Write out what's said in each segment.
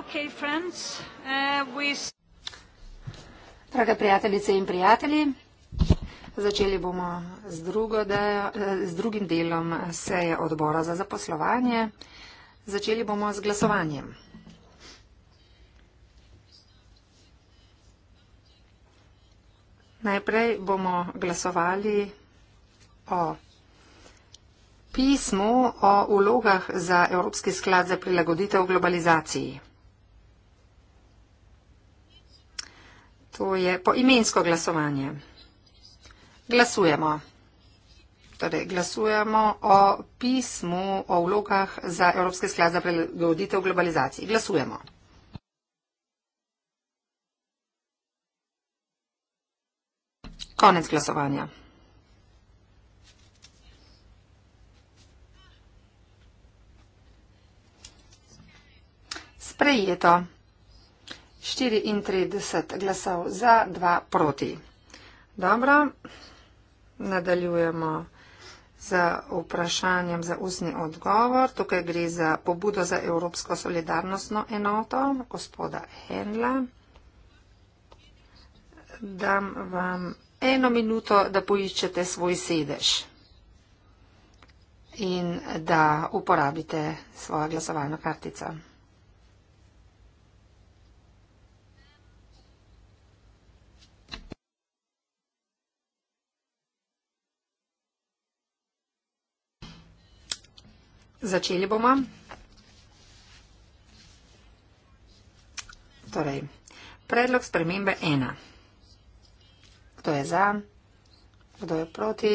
Okay, friends, uh, we... Draga prijateljice in prijatelji, začeli bomo z, dejo, eh, z drugim delom seje odbora za zaposlovanje. Začeli bomo z glasovanjem. Najprej bomo glasovali o pismu o ulogah za Evropski sklad za prilagoditev globalizaciji. To je poimensko glasovanje. Glasujemo. Torej, glasujemo o pismu o vlogah za Evropske sklad za prilagoditev globalizaciji. Glasujemo. Konec glasovanja. Sprejeto. 34 glasov za, 2 proti. Dobro, nadaljujemo z vprašanjem za usni odgovor. Tukaj gre za pobudo za Evropsko solidarnostno enoto gospoda Henla. Dam vam eno minuto, da poiščete svoj sedež in da uporabite svojo glasovalno kartico. Začeli bomo. Torej, predlog spremembe ena. Kdo je za? Kdo je proti?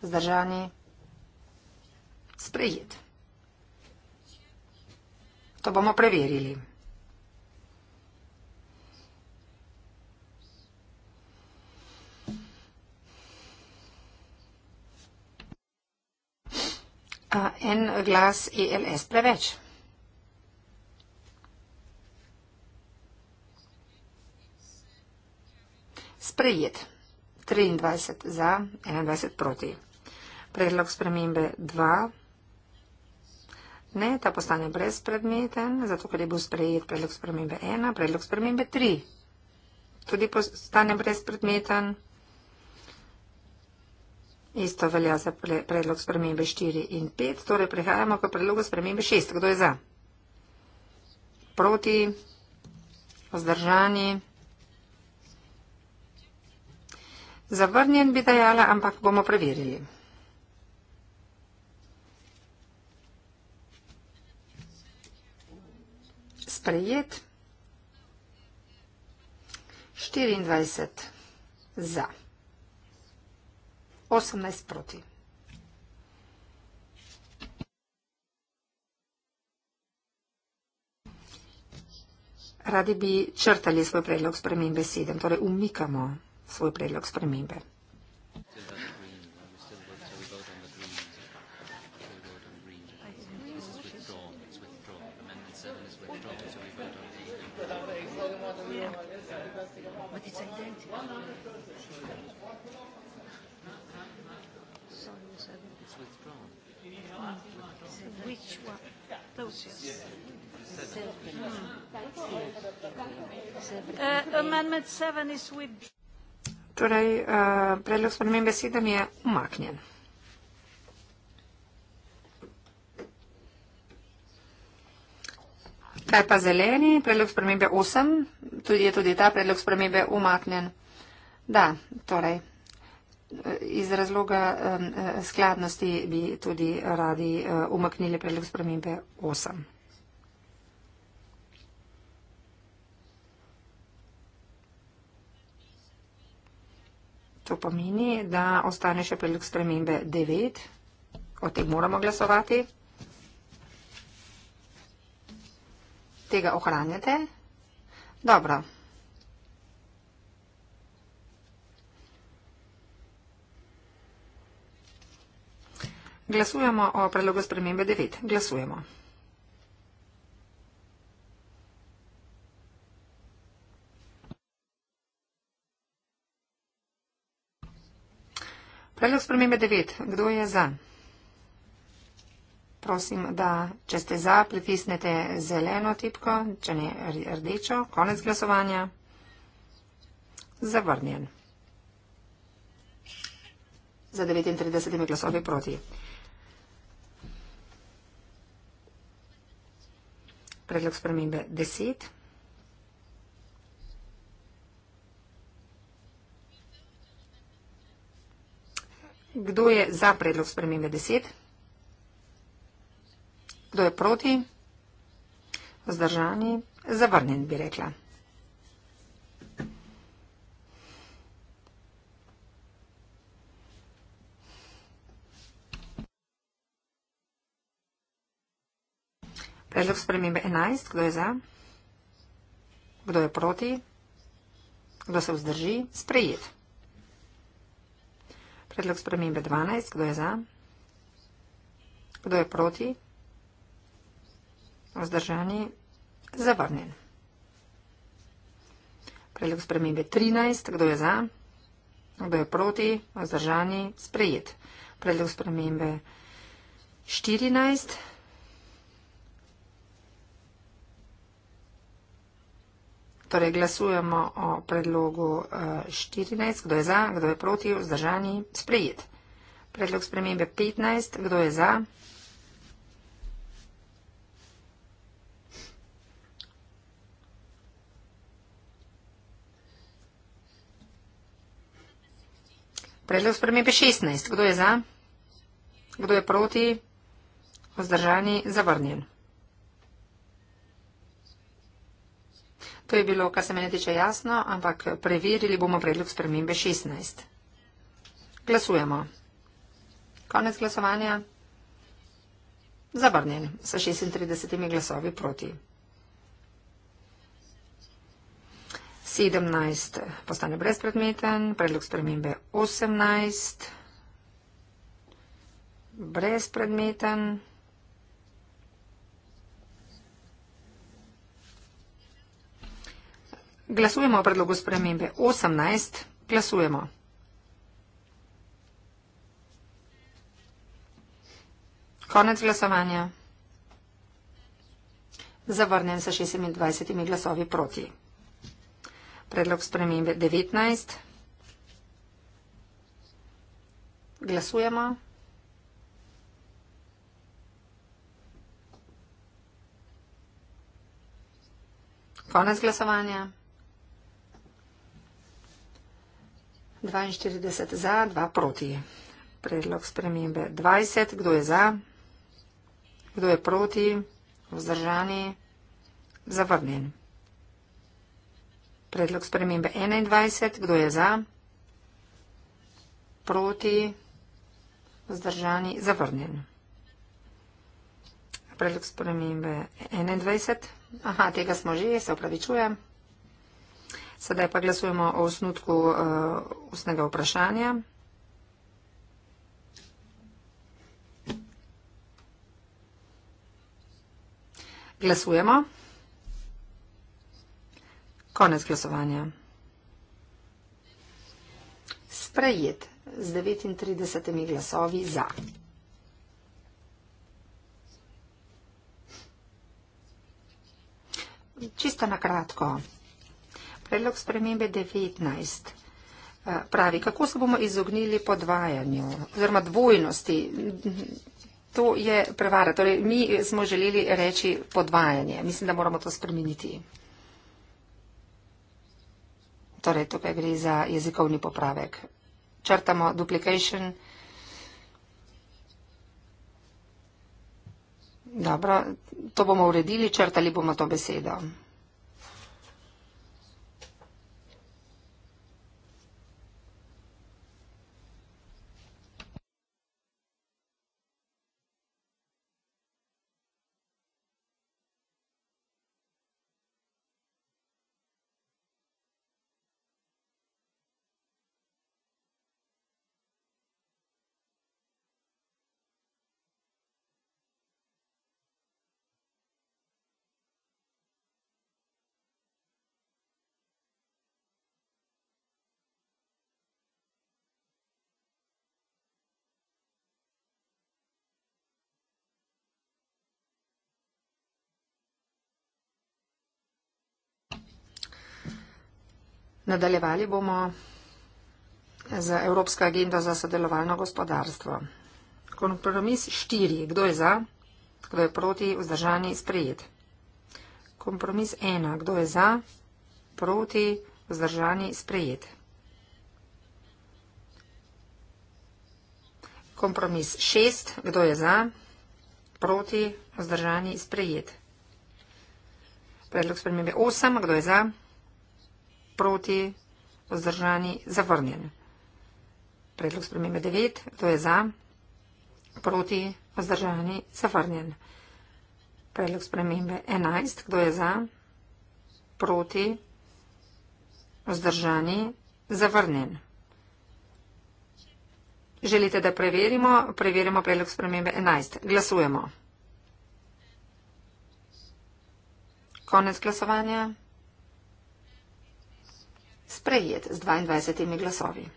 Zdržani? Sprejet. To bomo preverili. A, en glas ELS preveč. Sprejet. 23 za, 21 proti. Predlog spremembe 2. Ne, ta postane brezpredmeten, zato ker je bil sprejet predlog spremembe 1. Predlog spremembe 3. Tudi postane brezpredmeten. Isto velja za predlog spremembe 4 in 5, torej prehajamo k predlogu spremembe 6. Kdo je za? Proti, vzdržani. Zavrnjen bi dajala, ampak bomo preverili. Sprejet. 24 za. 18 proti. Radi bi črtali svoj predlog spremembe 7, torej umikamo svoj predlog spremembe. Uh, torej, uh, predlog spremembe sedem je umaknjen. Kaj pa zeleni? Predlog spremembe osem je tudi ta predlog spremembe umaknjen. Da, torej iz razloga eh, skladnosti bi tudi radi eh, umaknili predlog spremembe 8. To pomeni, da ostane še predlog spremembe 9. O tem moramo glasovati. Tega ohranjate? Dobro. Glasujemo o predlogu spremembe 9. Glasujemo. Predlog spremembe 9. Kdo je za? Prosim, da če ste za, pritisnete zeleno tipko, če ne rdečo, konec glasovanja. Zavrnjen. Za 39 glasovi proti. predlog spremembe 10. Kdo je za predlog spremembe 10? Kdo je proti? Zdržani, zavrnen bi rekla. Predlog spremembe 11. Kdo je za? Kdo je proti? Kdo se vzdrži? Sprejet. Predlog spremembe 12. Kdo je za? Kdo je proti? Vzdržani? Zavrnen. Predlog spremembe 13. Kdo je za? Kdo je proti? Vzdržani? Sprejet. Predlog spremembe 14. Torej glasujemo o predlogu 14, eh, kdo je za, kdo je proti, vzdržani, sprejet. Predlog spremembe 15, kdo je za? Predlog spremembe 16, kdo je za? Kdo je proti? Vzdržani, zavrnjen. To je bilo, kar se meni tiče jasno, ampak preverili bomo predlog spremembe 16. Glasujemo. Konec glasovanja. Zabrnjen sa 36 glasovi proti. 17 postane brezpredmeten, predlog spremembe 18 brezpredmeten. Glasujemo o predlogu spremembe 18. Glasujemo. Konec glasovanja. Zavrnjen sa 26 glasovi proti. Predlog spremembe 19. Glasujemo. Konec glasovanja. 42 za, 2 proti. Predlog spremembe 20. Kdo je za? Kdo je proti? Vzdržani? Zavrnjen. Predlog spremembe 21. Kdo je za? Proti? Vzdržani? Zavrnjen. Predlog spremembe 21. Aha, tega smo že, se opravičujem. Sedaj pa glasujemo o osnutku uh, ustnega vprašanja. Glasujemo. Konec glasovanja. Sprejet z 39 glasovi za. Čisto na kratko. Predlog spremembe 19 eh, pravi, kako se bomo izognili podvajanju oziroma dvojnosti. To je prevara. Torej, mi smo želeli reči podvajanje. Mislim, da moramo to spremeniti. Torej, tukaj gre za jezikovni popravek. Črtamo duplication. Dobro, to bomo uredili, črtali bomo to besedo. Nadaljevali bomo z Evropsko agendo za sodelovalno gospodarstvo. Kompromis štiri. Kdo je za? Kdo je proti? Vzdržani sprejet. Kompromis ena. Kdo je za? Proti? Vzdržani sprejet. Kompromis šest. Kdo je za? Proti? Vzdržani sprejet. Predlog spremembe osem. Kdo je za? Proti? proti, vzdržani, zavrnjen. Predlog spremembe 9, to je za, proti, vzdržani, zavrnjen. Predlog spremembe 11, kdo je za, proti, vzdržani, zavrnjen. Želite, da preverimo? Preverimo predlog spremembe 11. Glasujemo. Konec glasovanja sprejet z 22 glasovi.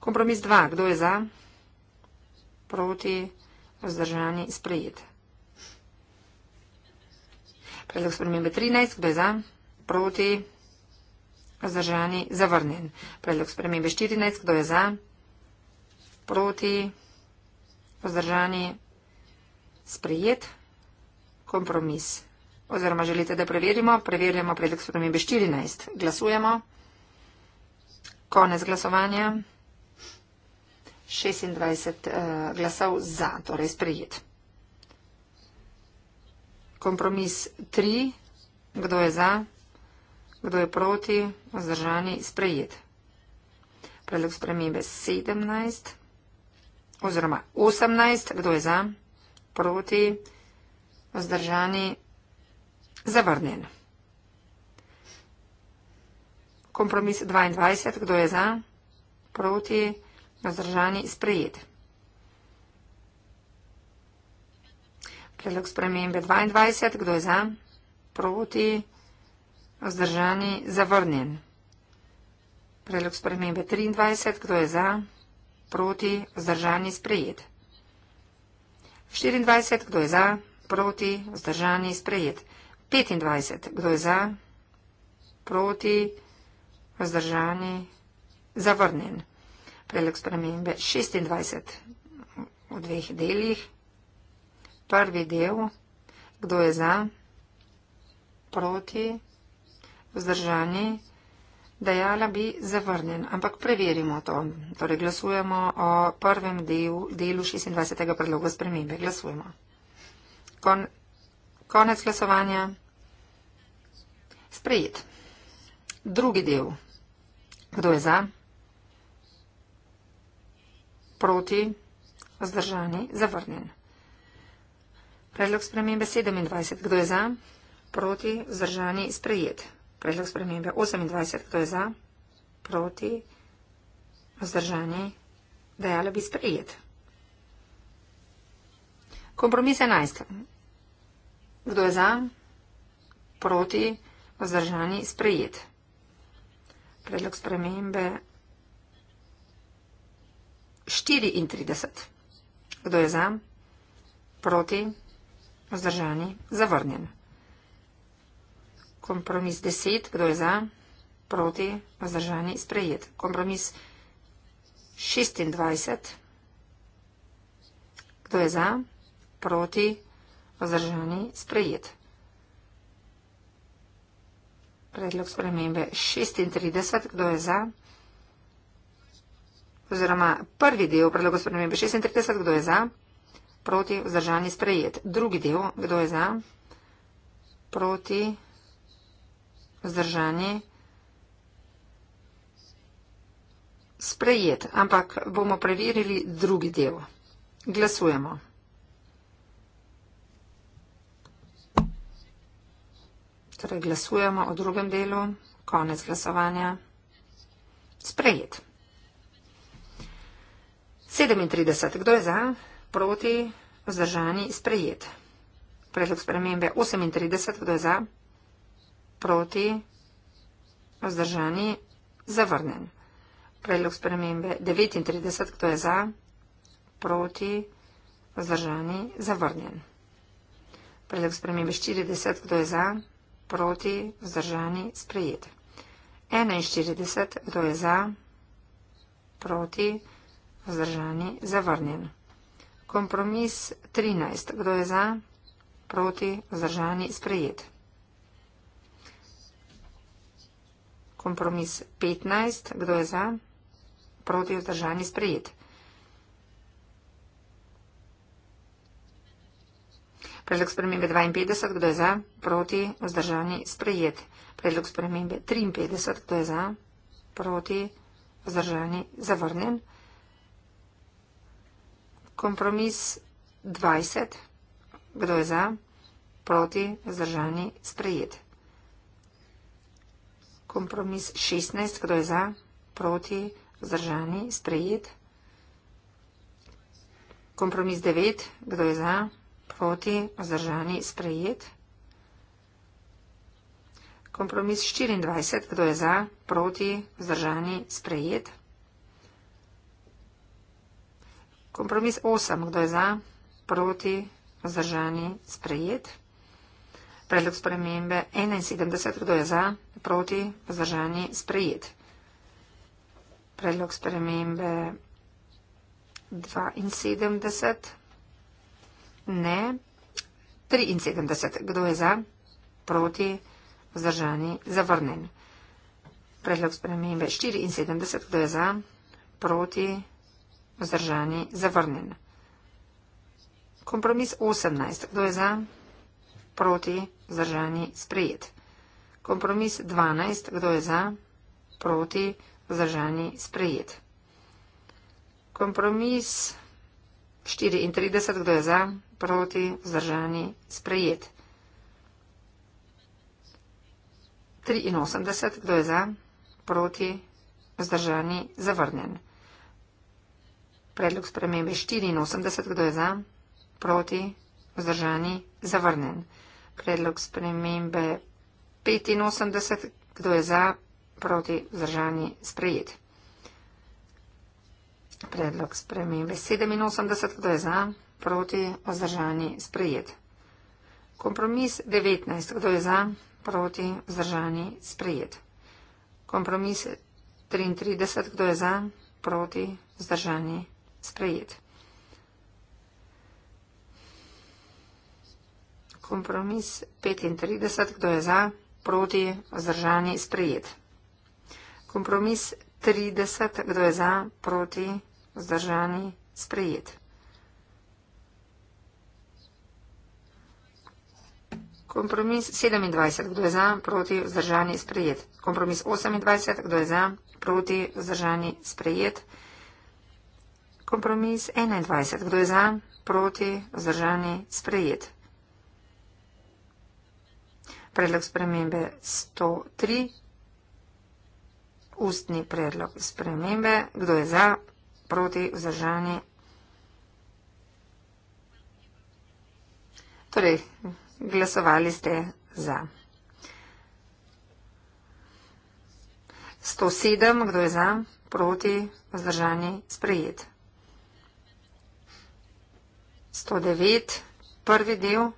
Kompromis 2. Kdo je za? Proti vzdržani sprejet. Predlog spremembe 13. Kdo je za? Proti vzdržani zavrnjen. Predlog spremembe 14. Kdo je za? Proti vzdržani sprejet. Kompromis oziroma želite, da preverimo, preverjamo predlog spremembe 14. Glasujemo. Konec glasovanja. 26 uh, eh, glasov za, torej sprejet. Kompromis 3. Kdo je za? Kdo je proti? Ozdržani sprejet. Predlog spremembe 17 oziroma 18. Kdo je za? Proti? Ozdržani sprejet zavrnjen. Kompromis 22, kdo je za, proti, nazdržani, sprejet. Predlog spremembe 22, kdo je za, proti, vzdržani, zavrnjen. Predlog spremembe 23, kdo je za, proti, vzdržani, sprejet. 24, kdo je za, proti, vzdržani, sprejet. 25. Kdo je za? Proti? Vzdržani? Zavrnen. Predlog spremembe 26 v dveh delih. Prvi del. Kdo je za? Proti? Vzdržani? Dajala bi zavrnjen, ampak preverimo to. Torej glasujemo o prvem delu, delu 26. predloga spremembe. Glasujemo. Kon Konec glasovanja. Sprejet. Drugi del. Kdo je za? Proti? Vzdržani? Zavrnjen. Predlog spremembe 27. Kdo je za? Proti? Vzdržani? Sprejet. Predlog spremembe 28. Kdo je za? Proti? Vzdržani? Dajala bi sprejet. Kompromis 11. Kdo je za? Proti? Vzdržani? Sprejet. Predlog spremembe 34. Kdo je za? Proti? Vzdržani? Zavrnjen. Kompromis 10. Kdo je za? Proti? Vzdržani? Sprejet. Kompromis 26. Kdo je za? Proti? Vzdržani? Vzdržani sprejet. Predlog spremembe 36. Kdo je za? Oziroma prvi del predloga spremembe 36. Kdo je za? Proti vzdržani sprejet. Drugi del. Kdo je za? Proti vzdržani sprejet. Ampak bomo preverili drugi del. Glasujemo. Torej glasujemo o drugem delu. Konec glasovanja. Sprejet. 37. Kdo je za? Proti? Vzdržani? Sprejet. Predlog spremembe 38. Kdo je za? Proti? Vzdržani? Zavrnen. Predlog spremembe 39. Kdo je za? Proti? Vzdržani? Zavrnen. Predlog spremembe 40. Kdo je za? Proti? proti, vzdržani, sprejet. 41, kdo je za, proti, vzdržani, zavrnjen. Kompromis 13, kdo je za, proti, vzdržani, sprejet. Kompromis 15, kdo je za, proti, vzdržani, sprejet. Predlog spremembe 52, kdo je za, proti, vzdržani, sprejet. Predlog spremembe 53, kdo je za, proti, vzdržani, zavrnjen. Kompromis 20, kdo je za, proti, vzdržani, sprejet. Kompromis 16, kdo je za, proti, vzdržani, sprejet. Kompromis 9, kdo je za, proti, vzdržani, sprejet proti, vzdržani, sprejet. Kompromis 24, kdo je za, proti, vzdržani, sprejet. Kompromis 8, kdo je za, proti, vzdržani, sprejet. Predlog spremembe 71, kdo je za, proti, vzdržani, sprejet. Predlog spremembe 72. Ne. 73. Kdo je za? Proti. Vzdržani. Zavrnen. Predlog spremembe 74. Kdo je za? Proti. Vzdržani. Zavrnen. Kompromis 18. Kdo je za? Proti. Vzdržani. Sprejet. Kompromis 12. Kdo je za? Proti. Vzdržani. Sprejet. Kompromis 34. Kdo je za? proti, vzdržani, sprejet. 83, kdo je za, proti, vzdržani, zavrnen. Predlog spremembe 84, kdo je za, proti, vzdržani, zavrnen. Predlog spremembe 85, kdo je za, proti, vzdržani, sprejet. Predlog spremembe 87, kdo je za, proti vzdržani sprejet. Kompromis 19, kdo je za, proti vzdržani sprejet. Kompromis 33, kdo je za, proti vzdržani sprejet. Kompromis 35, kdo je za, proti vzdržani sprejet. Kompromis 30, kdo je za, proti vzdržani sprejet. Kompromis 27, kdo je za, proti, vzdržani, sprejet. Kompromis 28, kdo je za, proti, vzdržani, sprejet. Kompromis 21, kdo je za, proti, vzdržani, sprejet. Predlog spremembe 103. Ustni predlog spremembe, kdo je za, proti, vzdržani. Torej, glasovali ste za. 107, kdo je za, proti, vzdržani, sprejet. 109, prvi del,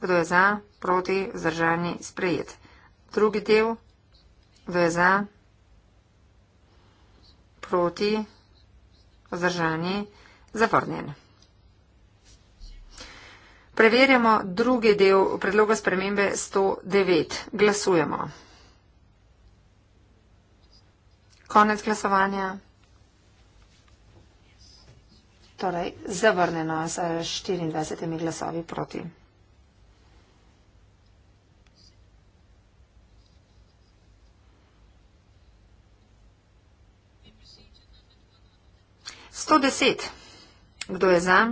kdo je za, proti, vzdržani, sprejet. Drugi del, kdo je za, proti, vzdržani, zavrnjen. 110. Preverjamo drugi del predloga spremembe 109. Glasujemo. Konec glasovanja. Torej, zavrneno s 24 glasovi proti. Sto deset. Kdo je za?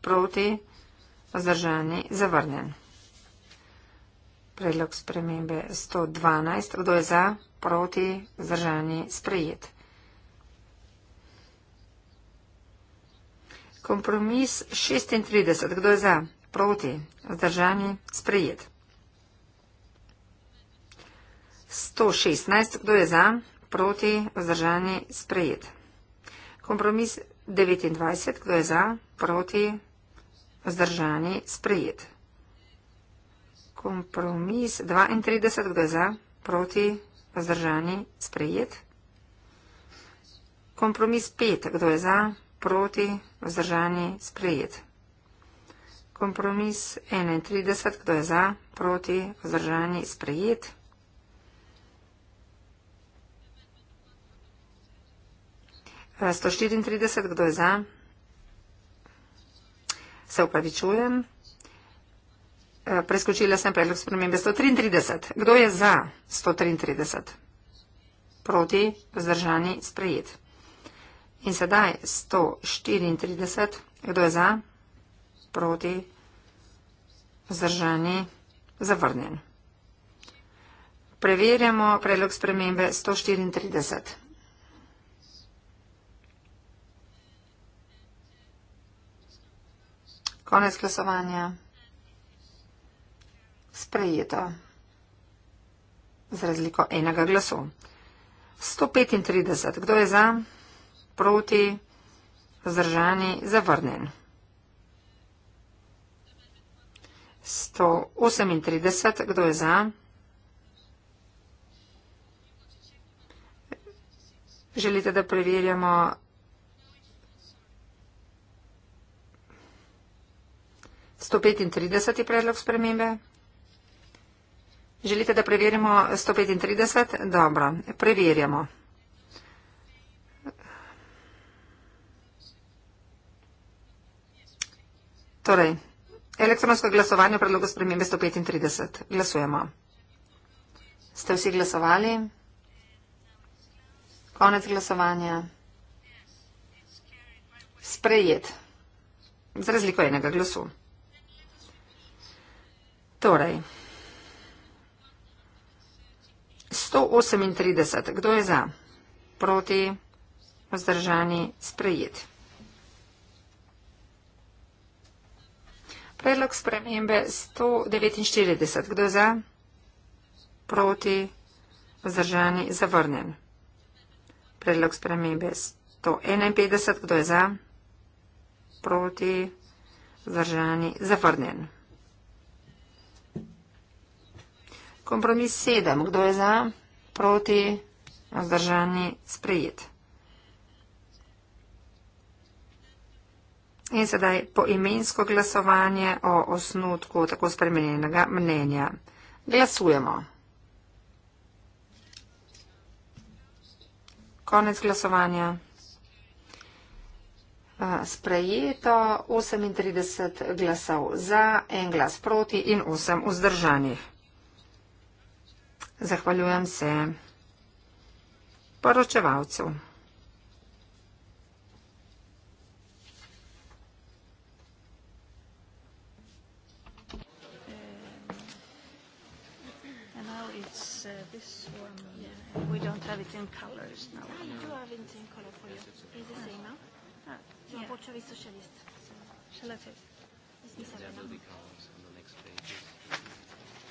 Proti? Vzdržani zavrnjen. Predlog spremembe 112. Kdo je za? Proti? Vzdržani sprejet. Kompromis 36. Kdo je za? Proti? Vzdržani sprejet. 116. Kdo je za? Proti? Vzdržani sprejet. Kompromis 29. Kdo je za? Proti? Vzdržani sprejet vzdržani, sprejet. Kompromis 32 gre za, proti vzdržani, sprejet. Kompromis 5, kdo je za, proti vzdržani, sprejet. Kompromis 31, kdo je za, proti vzdržani, sprejet. Sto štiriintrideset, kdo je za? Se upravičujem. E, preskočila sem predlog spremembe 133. Kdo je za 133? Proti, vzdržani, sprejet. In sedaj 134. Kdo je za? Proti, vzdržani, zavrnjen. Preverjamo predlog spremembe 134. Konec glasovanja. Sprejeto. Z razliko enega glasu. 135. Kdo je za? Proti? Zdržani? Zavrnen. 138. Kdo je za? Želite, da preverjamo 135. predlog spremembe? Želite, da preverimo 135? Dobro, preverjamo. Torej, elektronsko glasovanje v predlogu spremembe 135. Glasujemo. Ste vsi glasovali? Konec glasovanja. Sprejet. Z razliko enega glasu. Torej, 138. Kdo je za? Proti, vzdržani, sprejet. Predlog spremembe 149. Kdo je za? Proti, vzdržani, zavrnen. Predlog spremembe 151. Kdo je za? Proti, vzdržani, zavrnen. Kompromis sedem. Kdo je za, proti, vzdržani, sprejet. In sedaj poimensko glasovanje o osnutku tako spremenjenega mnenja. Glasujemo. Konec glasovanja. Eh, sprejeto 38 glasov za, en glas proti in 8 vzdržanih. Zahvaljujem se poročevalcu.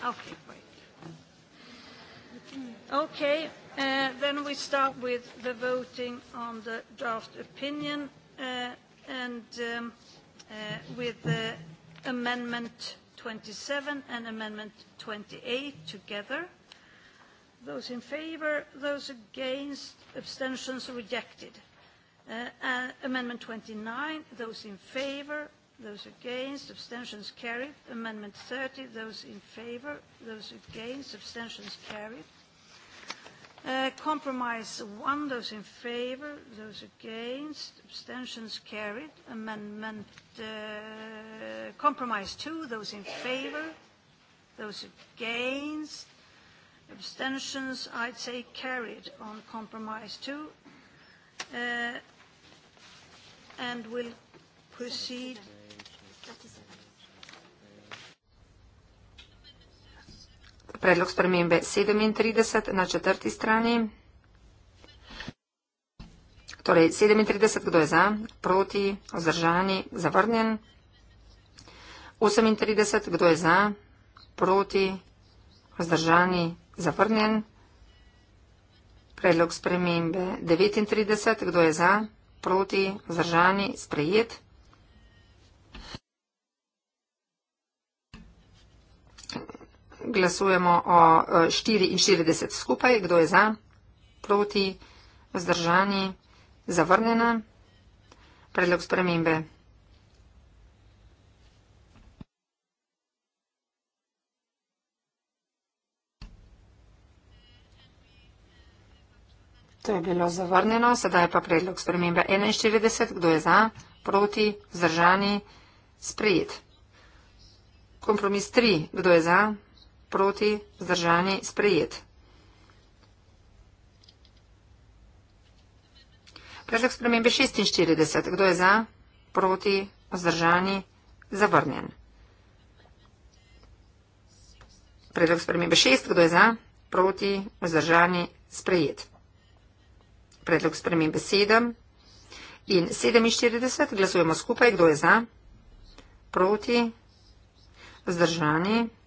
Okay, great. Okay. Uh, then we start with the voting on the draft opinion uh, and um, uh, with amendment 27 and amendment 28 together. Those in favor, those against, abstentions rejected. Amendment 29, those in favor, those against, abstentions carried. Amendment 30, those in favor, those against, abstentions carried compromise, one, those in favor, those against, abstentions carried. Amendment, uh, compromise two, those in favor, those against, abstentions, I'd say carried on compromise two. Uh, and we'll proceed. President. Predlog spremembe 37 na četrti strani. Torej 37, kdo je za, proti, vzdržani, zavrnjen. 38, kdo je za, proti, vzdržani, zavrnjen. Predlog spremembe 39, kdo je za, proti, vzdržani, sprejet glasujemo o 44 e, skupaj. Kdo je za, proti, vzdržani, zavrnjena predlog spremembe. To je bilo zavrnjeno, sedaj pa predlog spremembe 41. Kdo je za, proti, vzdržani, sprejet. Kompromis 3. Kdo je za, proti vzdržani sprejet. Predlog spremembe 46. Kdo je za, proti, vzdržani, zavrnjen? Predlog spremembe 6. Kdo je za, proti, vzdržani, sprejet? Predlog spremembe 7 in 47. Glasujemo skupaj. Kdo je za, proti, vzdržani, sprejet?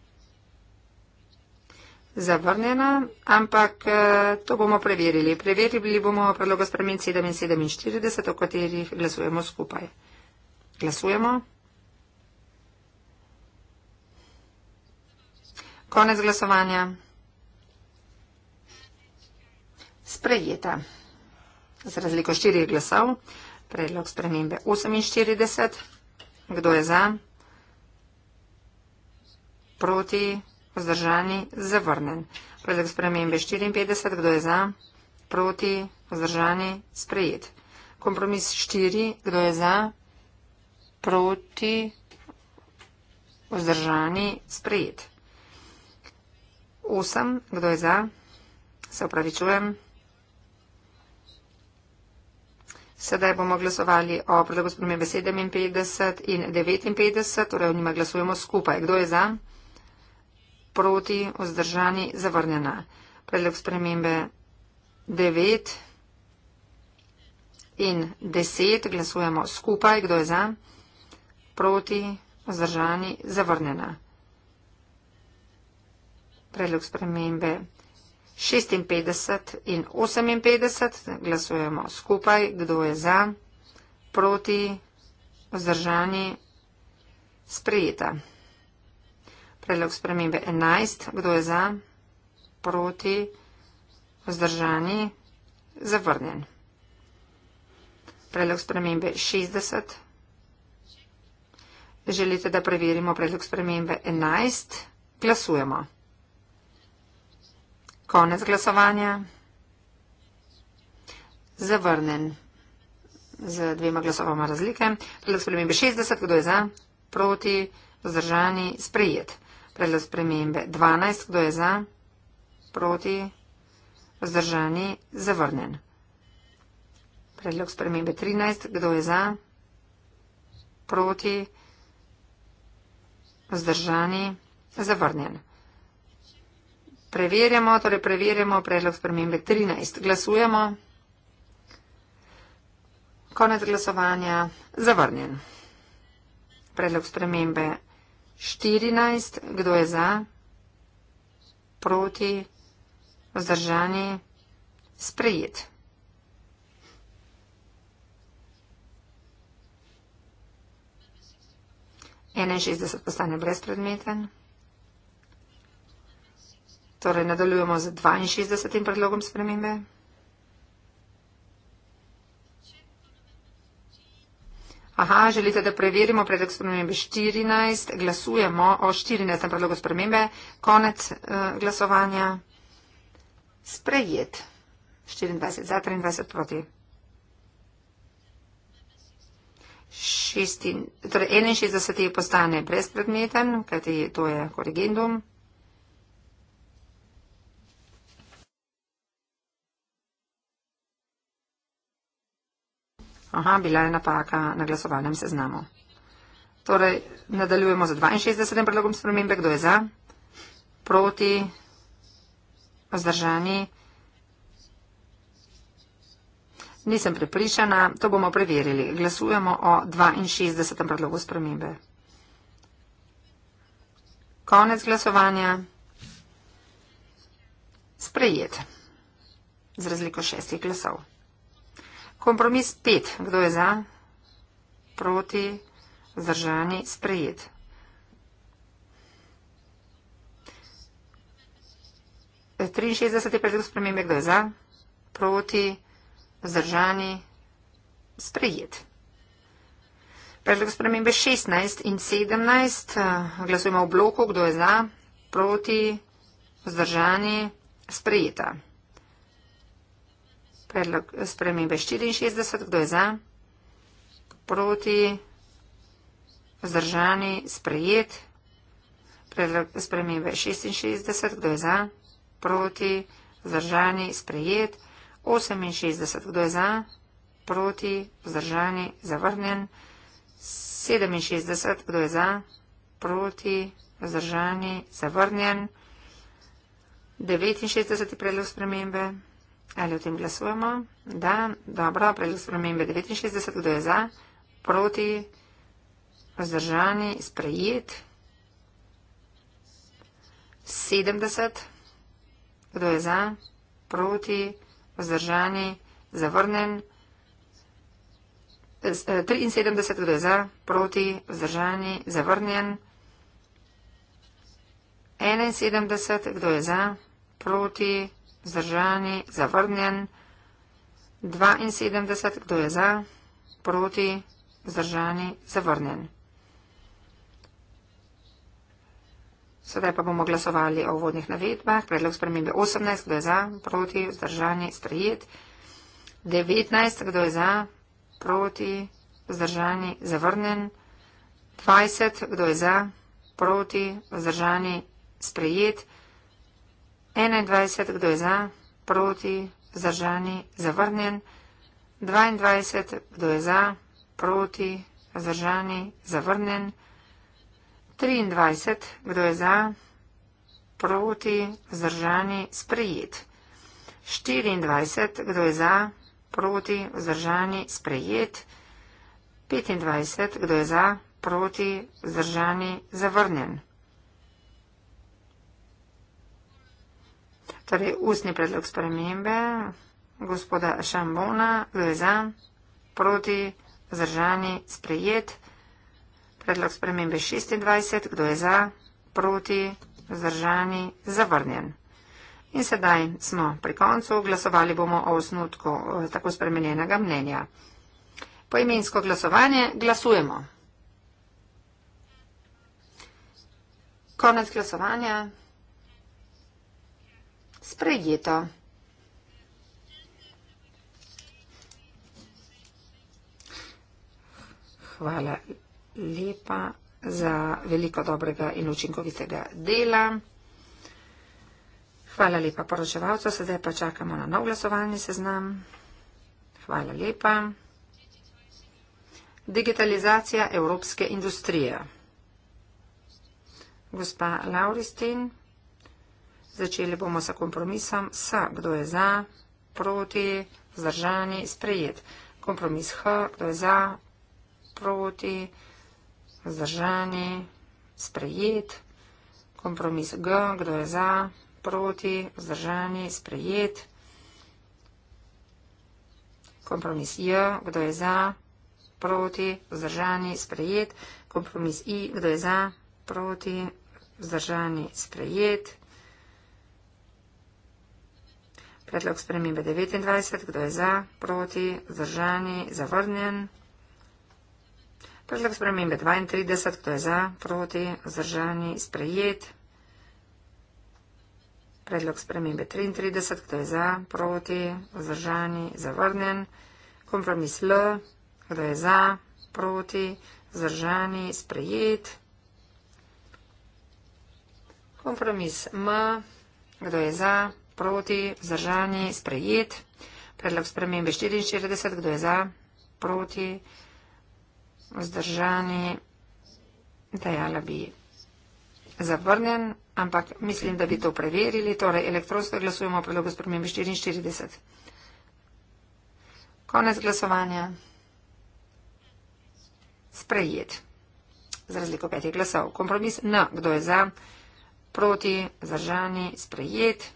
zavrnjena, ampak eh, to bomo preverili. Preverili bomo predloga spremen 47, o katerih glasujemo skupaj. Glasujemo. Konec glasovanja. Sprejeta. Z razliko štirih glasov. Predlog spremembe 48. Kdo je za? Proti vzdržani, zavrnen. Predlog spremembe 54, kdo je za, proti, vzdržani, sprejet. Kompromis 4, kdo je za, proti, vzdržani, sprejet. 8, kdo je za, se upravičujem. Sedaj bomo glasovali o predlogu spremembe 57 in 59, torej o njima glasujemo skupaj. Kdo je za? proti, vzdržani, zavrnjena. Predlog spremembe 9 in 10 glasujemo skupaj, kdo je za, proti, vzdržani, zavrnjena. Predlog spremembe 56 in 58 glasujemo skupaj, kdo je za, proti, vzdržani, sprejeta. Predlog spremembe 11. Kdo je za? Proti? Vzdržani? Zavrnjen. Predlog spremembe 60. Želite, da preverimo predlog spremembe 11? Glasujemo. Konec glasovanja. Zavrnen. Z dvema glasovama razlike. Predlog spremembe 60. Kdo je za? Proti? Vzdržani? Sprejet predlog spremembe. 12, kdo je za, proti, vzdržani, zavrnen. Predlog spremembe 13, kdo je za, proti, vzdržani, zavrnjen. Preverjamo, torej preverjamo predlog spremembe 13. Glasujemo. Konec glasovanja. Zavrnjen. Predlog spremembe 14. 14, kdo je za, proti, vzdržani, sprejet. Enajstdeset postane brezpredmeten. Torej, nadaljujemo z 62. predlogom spremembe. Aha, želite, da preverimo predlog spremembe 14, glasujemo o 14. predlogu spremembe, konec uh, glasovanja, sprejet 24 za 23 proti. 16, torej 61 je postane brezpredmeten, kajti to je korigendum. Aha, bila je napaka na glasovalnem seznamu. Torej, nadaljujemo z 62. predlogom spremembe. Kdo je za? Proti? Vzdržani? Nisem prepričana, to bomo preverili. Glasujemo o 62. predlogu spremembe. Konec glasovanja. Sprejet. Z razliko šestih glasov. Kompromis pet. Kdo je za? Proti. Zdržani. Sprejet. E, 63 je predlog spremembe. Kdo je za? Proti. Zdržani. Sprejet. Predlog spremembe 16 in 17. Glasujemo v bloku. Kdo je za? Proti. Zdržani. Sprejeta. Predlog spremembe 64. Kdo je za? Proti? Zdržani? Sprejet? Predlog spremembe 66. Kdo je za? Proti? Zdržani? Sprejet? 68. Kdo je za? Proti? Zdržani? Zavrnjen? 67. Kdo je za? Proti? Zdržani? Zavrnjen? 69. Predlog spremembe. Ali o tem glasujemo? Da, dobro, predlog spremembe 69, kdo je za, proti, vzdržani, sprejet. 70, kdo je za, proti, vzdržani, zavrnen. 73, eh, kdo je za, proti, vzdržani, zavrnen. 71, kdo je za, proti, vzdržani vzdržani, zavrnjen, 72, kdo je za, proti, vzdržani, zavrnjen. Sedaj pa bomo glasovali o vodnih navedbah. Predlog spremembe 18, kdo je za, proti, vzdržani, sprejet. 19, kdo je za, proti, vzdržani, zavrnjen. 20, kdo je za, proti, vzdržani, sprejet. 21, kdo je za, proti, zdržani, zavrnjen. 22, kdo je za, proti, zdržani, zavrnjen. 23, kdo je za, proti, zdržani, sprejet. 24, kdo je za, proti, zdržani, sprejet. 25, kdo je za, proti, zdržani, zavrnjen. torej ustni predlog spremembe gospoda Šambona, za, proti, zdržani, sprejet. Predlog spremembe 26, kdo je za, proti, vzdržani, zavrnjen. In sedaj smo pri koncu, glasovali bomo o osnutku tako spremenjenega mnenja. Poimensko glasovanje glasujemo. Konec glasovanja sprejeto. Hvala lepa za veliko dobrega in učinkovitega dela. Hvala lepa poročevalcu, sedaj pa čakamo na nov glasovalni seznam. Hvala lepa. Digitalizacija evropske industrije. Gospa Lauristin. Začeli bomo sa kompromisom S, kdo je za, proti, vzdržani, sprejet. Kompromis H, kdo je za, proti, vzdržani, sprejet. Kompromis G, kdo je za, proti, vzdržani, sprejet. Kompromis J, kdo je za, proti, vzdržani, sprejet. Kompromis I, kdo je za, proti, vzdržani, sprejet. Predlog spremembe 29. Kdo je za, proti, vzdržani, zavrnjen? Predlog spremembe 32. Kdo je za, proti, vzdržani, sprejet? Predlog spremembe 33. Kdo je za, proti, vzdržani, zavrnjen? Kompromis L. Kdo je za, proti, vzdržani, sprejet? Kompromis M. Kdo je za, proti, vzdržani, sprejet. Predlog spremembe 44, kdo je za, proti, vzdržani, dejala bi zavrnjen, ampak mislim, da bi to preverili. Torej, elektronsko glasujemo o predlogu spremembe 44. Konec glasovanja. Sprejet. Z razliko petih glasov. Kompromis N. Kdo je za? Proti. Zdržani. Sprejet.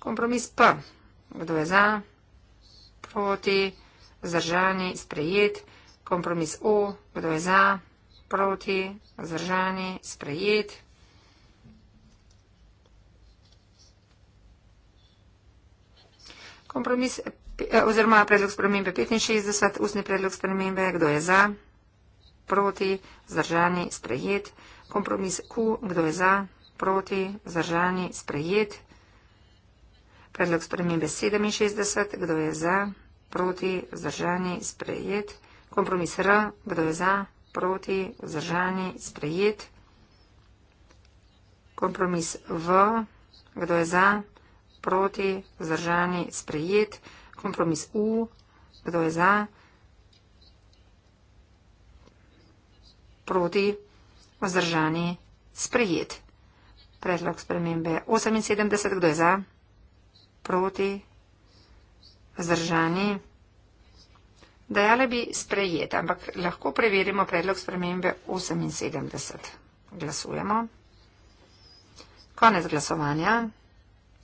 Kompromis P. Kdo je za? Proti. Zdržani. Sprejet. Kompromis O. Kdo je za? Proti. Zdržani. Sprejet. Kompromis eh, oziroma predlog spremembe 65, ustni predlog spremembe, kdo je za, proti, zdržani, sprejet. Kompromis Q, kdo je za, proti, zdržani, sprejet. Predlog spremembe 67, kdo je za, proti, vzdržani, sprejet. Kompromis R, kdo je za, proti, vzdržani, sprejet. Kompromis V, kdo je za, proti, vzdržani, sprejet. Kompromis U, kdo je za, proti, vzdržani, sprejet. Predlog spremembe 78, kdo je za sproti, zdržani. Dajale bi sprejeti, ampak lahko preverimo predlog spremembe 78. Glasujemo. Konec glasovanja.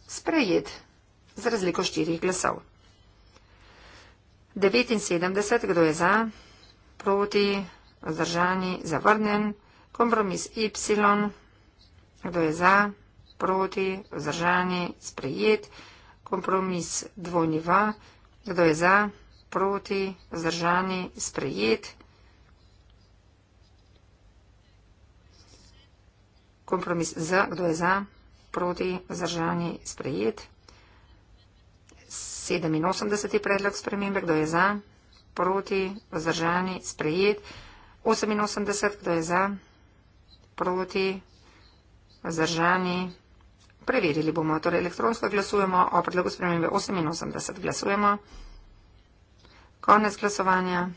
Sprejet z razliko štirih glasov. 79, kdo je za, proti, zdržani, zavrnen, kompromis Y, kdo je za, proti, zdržani, sprejet kompromis dvojni va, kdo je za, proti, vzdržani, sprejet. Kompromis z, kdo je za, proti, vzdržani, sprejet. 87. predlog spremembe, kdo je za, proti, vzdržani, sprejet. 88. kdo je za, proti, vzdržani, sprejet. Preverili bomo, torej elektronsko glasujemo o predlogu spremembe 88. Glasujemo. Konec glasovanja.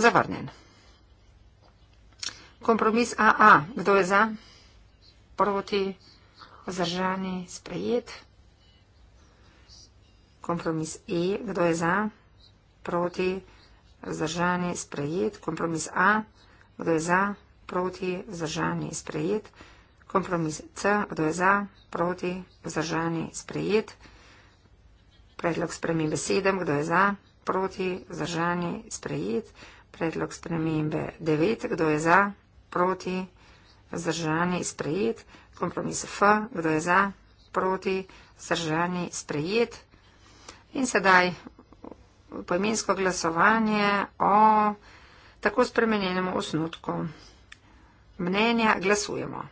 Zavrnjen. Kompromis AA. Kdo je za? Proti. Zdržani. Sprejet. Kompromis E. Kdo je za? Proti. Zdržani vzdržani, sprejet, kompromis A, kdo je za, proti, vzdržani, sprejet, kompromis C, kdo je za, proti, vzdržani, sprejet, predlog spremembe 7, kdo je za, proti, vzdržani, sprejet, predlog spremembe 9, kdo je za, proti, vzdržani, sprejet, kompromis F, kdo je za, proti, vzdržani, sprejet. In sedaj poimensko glasovanje o tako spremenjenem osnutku. Mnenja glasujemo.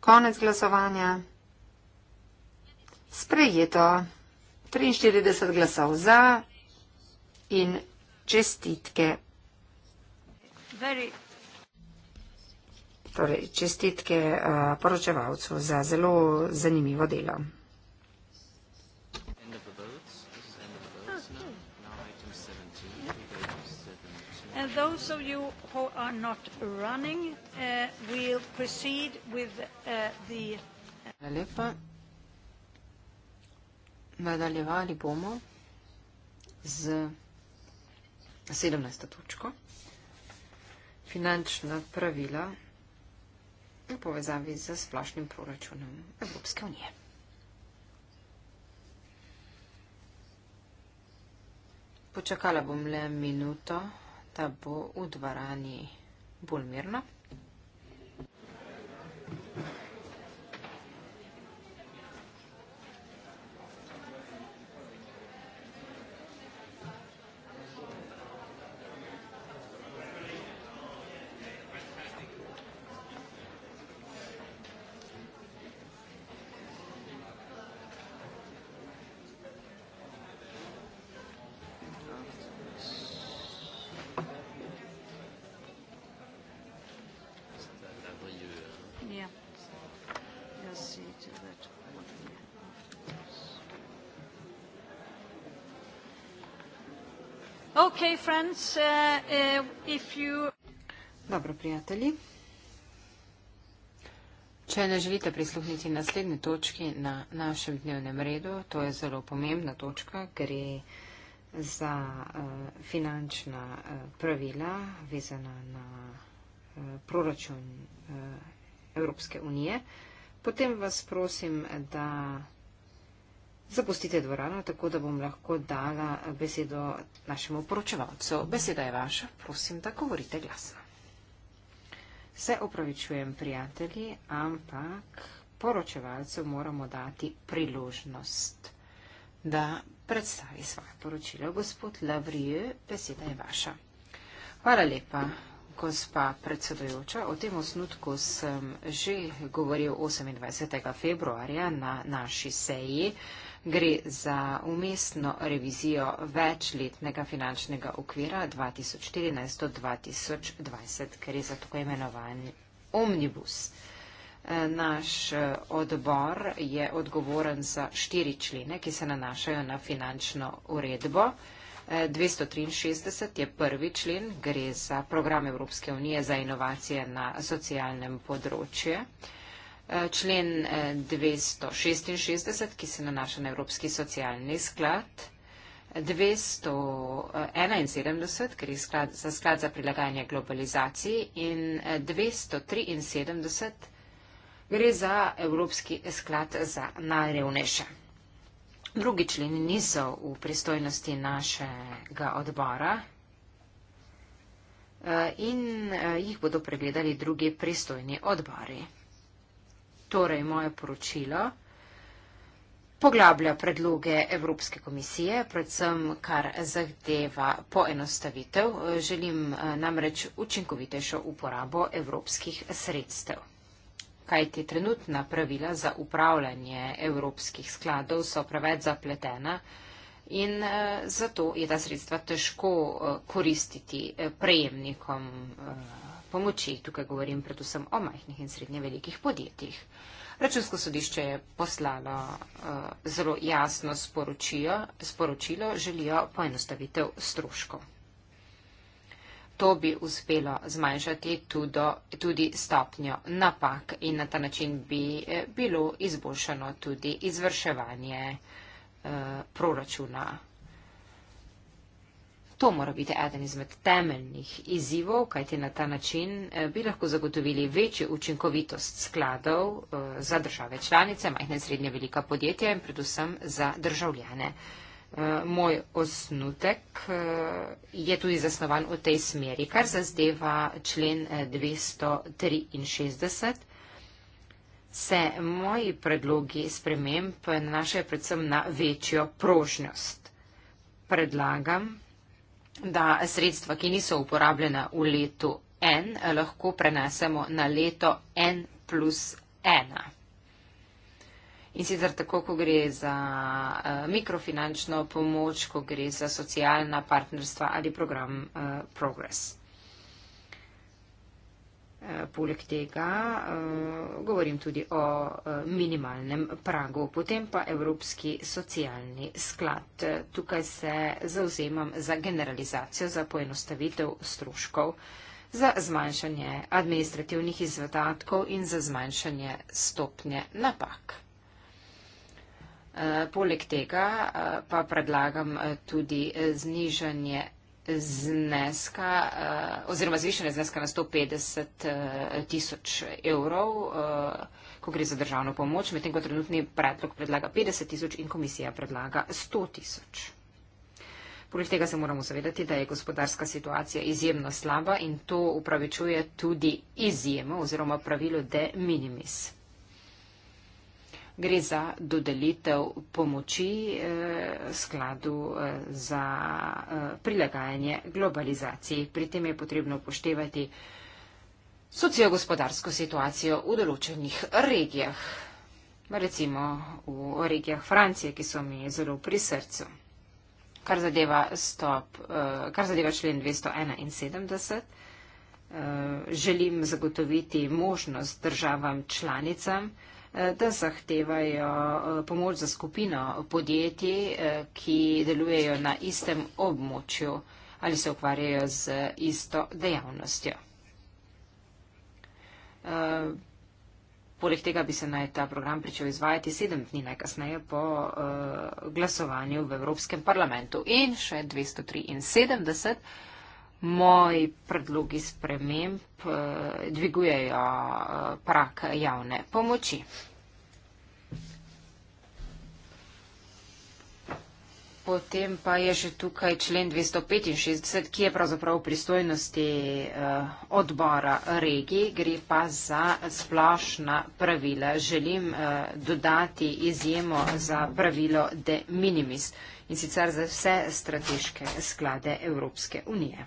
Konec glasovanja. Sprejeto. 43 glasov za in čestitke. Torej, čestitke uh, poročevalcu za zelo zanimivo delo. those of you who are not running, uh, we'll proceed with uh, the. Uh, Hvala lepa. Nadaljevali bomo z 17. točko, finančna pravila v povezavi s splošnim proračunom Evropske unije. Počakala bom le minuto, da bo v dvorani bolj mirno. Okay, friends, uh, uh, if you... Dobro, prijatelji. Če ne želite prisluhniti naslednji točki na našem dnevnem redu, to je zelo pomembna točka, gre za uh, finančna uh, pravila vezana na uh, proračun uh, Evropske unije, potem vas prosim, da zapustite dvorano, tako da bom lahko dala besedo našemu poročevalcu. Beseda je vaša, prosim, da govorite glasno. Se opravičujem, prijatelji, ampak poročevalcu moramo dati priložnost, da predstavi svoje poročilo. Gospod Lavrije, beseda je vaša. Hvala lepa, gospa predsedojoča. O tem osnutku sem že govoril 28. februarja na naši seji. Gre za umestno revizijo večletnega finančnega okvira 2014-2020, ker je za tako imenovan omnibus. E, naš e, odbor je odgovoren za štiri člene, ki se nanašajo na finančno uredbo. 263 e, je prvi člen, gre za program Evropske unije za inovacije na socialnem področju. Eh, člen 266, eh, ki se nanaša na Evropski socialni sklad, 271, ker je sklad za, sklad za prilagajanje globalizaciji, in 273 eh, gre za Evropski sklad za najrevnejše. Drugi členi niso v pristojnosti našega odbora in jih bodo pregledali drugi pristojni odbori torej moje poročilo, poglablja predloge Evropske komisije, predvsem kar zahteva poenostavitev. Želim eh, namreč učinkovitejšo uporabo evropskih sredstev. Kajti trenutna pravila za upravljanje evropskih skladov so preveč zapletena in eh, zato je ta sredstva težko eh, koristiti prejemnikom pomoči. Tukaj govorim predvsem o majhnih in srednje velikih podjetjih. Računsko sodišče je poslalo uh, zelo jasno sporočilo, sporočilo, želijo poenostavitev stroškov. To bi uspelo zmanjšati tudi, tudi stopnjo napak in na ta način bi eh, bilo izboljšano tudi izvrševanje uh, proračuna To mora biti eden izmed temeljnih izzivov, kajti na ta način eh, bi lahko zagotovili večjo učinkovitost skladov eh, za države članice, majhne in srednje velika podjetja in predvsem za državljane. Eh, moj osnutek je tudi zasnovan v tej smeri, kar zazdeva člen 263. Se moji predlogi sprememb nanašajo predvsem na večjo prožnost. Predlagam, da sredstva, ki niso uporabljena v letu N, lahko prenesemo na leto N plus 1. In sicer tako, ko gre za eh, mikrofinančno pomoč, ko gre za socialna partnerstva ali program eh, Progress. Poleg tega eh, govorim tudi o eh, minimalnem pragu, potem pa Evropski socialni sklad. Tukaj se zauzemam za generalizacijo, za poenostavitev stroškov, za zmanjšanje administrativnih izvedatkov in za zmanjšanje stopnje napak. Eh, poleg tega pa predlagam tudi znižanje zneska eh, oziroma zvišanje zneska na 150 eh, tisoč evrov, eh, ko gre za državno pomoč, medtem ko trenutni predlog predlaga 50 tisoč in komisija predlaga 100 tisoč. Poleg tega se moramo zavedati, da je gospodarska situacija izjemno slaba in to upravičuje tudi izjemo oziroma pravilo de minimis gre za dodelitev pomoči eh, skladu eh, za eh, prilagajanje globalizaciji. Pri tem je potrebno upoštevati sociogospodarsko situacijo v določenih regijah, recimo v regijah Francije, ki so mi zelo pri srcu. Kar zadeva, stop, kar zadeva člen 271, želim zagotoviti možnost državam članicam, da zahtevajo eh, pomoč za skupino podjetij, eh, ki delujejo na istem območju ali se ukvarjajo z isto dejavnostjo. Eh, poleg tega bi se naj ta program pričel izvajati sedem dni najkasneje po uh, glasovanju v Evropskem parlamentu. In še 273 moji predlogi sprememb eh, dvigujejo eh, prak javne pomoči. Potem pa je že tukaj člen 265, ki je pravzaprav v pristojnosti eh, odbora regij, gre pa za splošna pravila. Želim dodati izjemo za pravilo de minimis in sicer za vse strateške sklade Evropske unije.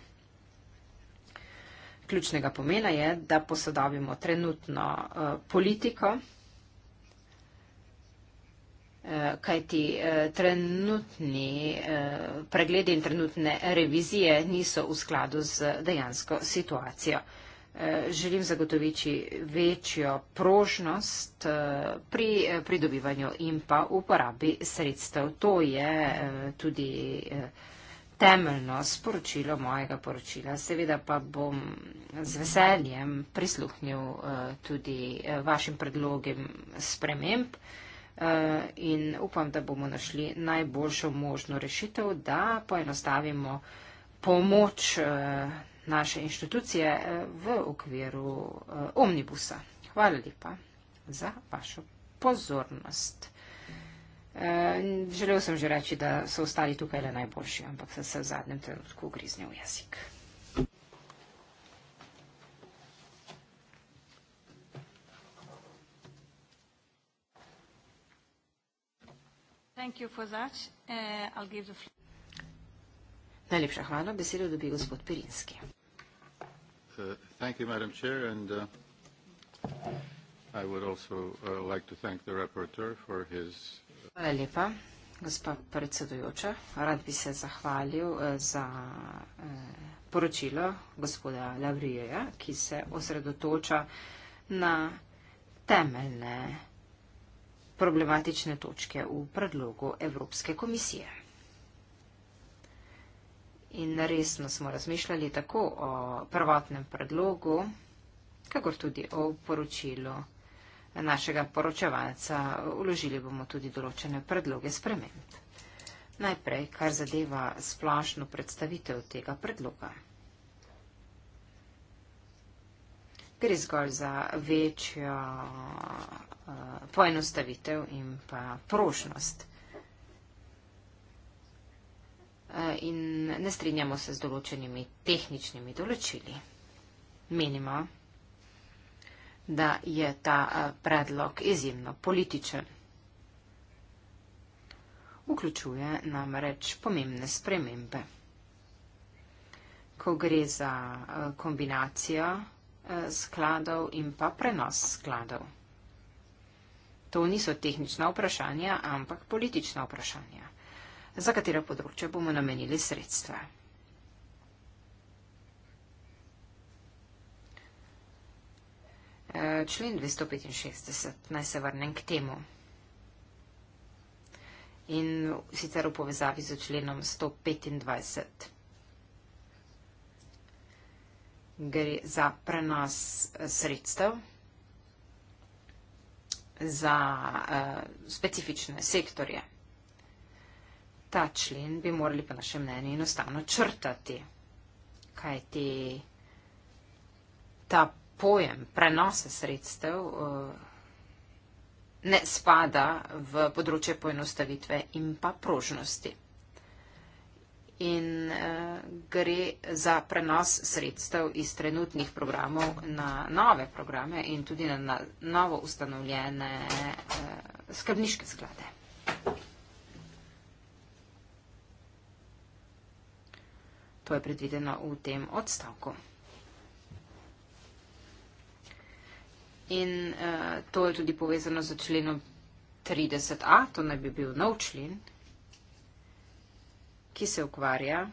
Ključnega pomena je, da posodobimo trenutno uh, politiko, uh, kajti uh, trenutni uh, pregledi in trenutne revizije niso v skladu z dejansko situacijo. Uh, želim zagotoviti večjo prožnost uh, pri uh, pridobivanju in pa uporabi sredstev. To je uh, tudi. Uh, temeljno sporočilo mojega poročila. Seveda pa bom z veseljem prisluhnil eh, tudi eh, vašim predlogem sprememb eh, in upam, da bomo našli najboljšo možno rešitev, da poenostavimo pomoč naše inštitucije v okviru omnibusa. Hvala lepa za vašo pozornost. Eh, želel sem že reči, da so ostali tukaj le najboljši, ampak sem se v zadnjem trenutku ugriznil jezik. Eh, Najlepša hvala. Besedo dobi gospod Pirinski. Hvala, gospod predsednik. Hvala lepa, gospa predsedujoča. Rad bi se zahvalil eh, za eh, poročilo gospoda Lavrijeja, ki se osredotoča na temeljne problematične točke v predlogu Evropske komisije. In resno smo razmišljali tako o prvotnem predlogu, kakor tudi o poročilu našega poročevalca, uložili bomo tudi določene predloge sprememb. Najprej, kar zadeva splošno predstavitev tega predloga. Gre zgolj za večjo eh, poenostavitev in pa prošnost. Eh, in ne strinjamo se z določenimi tehničnimi določili. Menimo, da je ta predlog izjemno političen. Vključuje namreč pomembne spremembe. Ko gre za kombinacijo skladov in pa prenos skladov. To niso tehnična vprašanja, ampak politična vprašanja, za katera področja bomo namenili sredstva. Eh, člen 265, naj se vrnem k temu. In sicer v povezavi z členom 125 gre za prenos eh, sredstev za uh, specifične sektorje. Ta člen bi morali pa našem mnenju enostavno črtati, kaj ti ta pojem prenosa sredstev eh, ne spada v področje poenostavitve in pa prožnosti. In eh, gre za prenos sredstev iz trenutnih programov na nove programe in tudi na novo ustanovljene eh, skrbniške sklade. To je predvideno v tem odstavku. In uh, to je tudi povezano z členom 30a, to naj bi bil nov člen, ki se ukvarja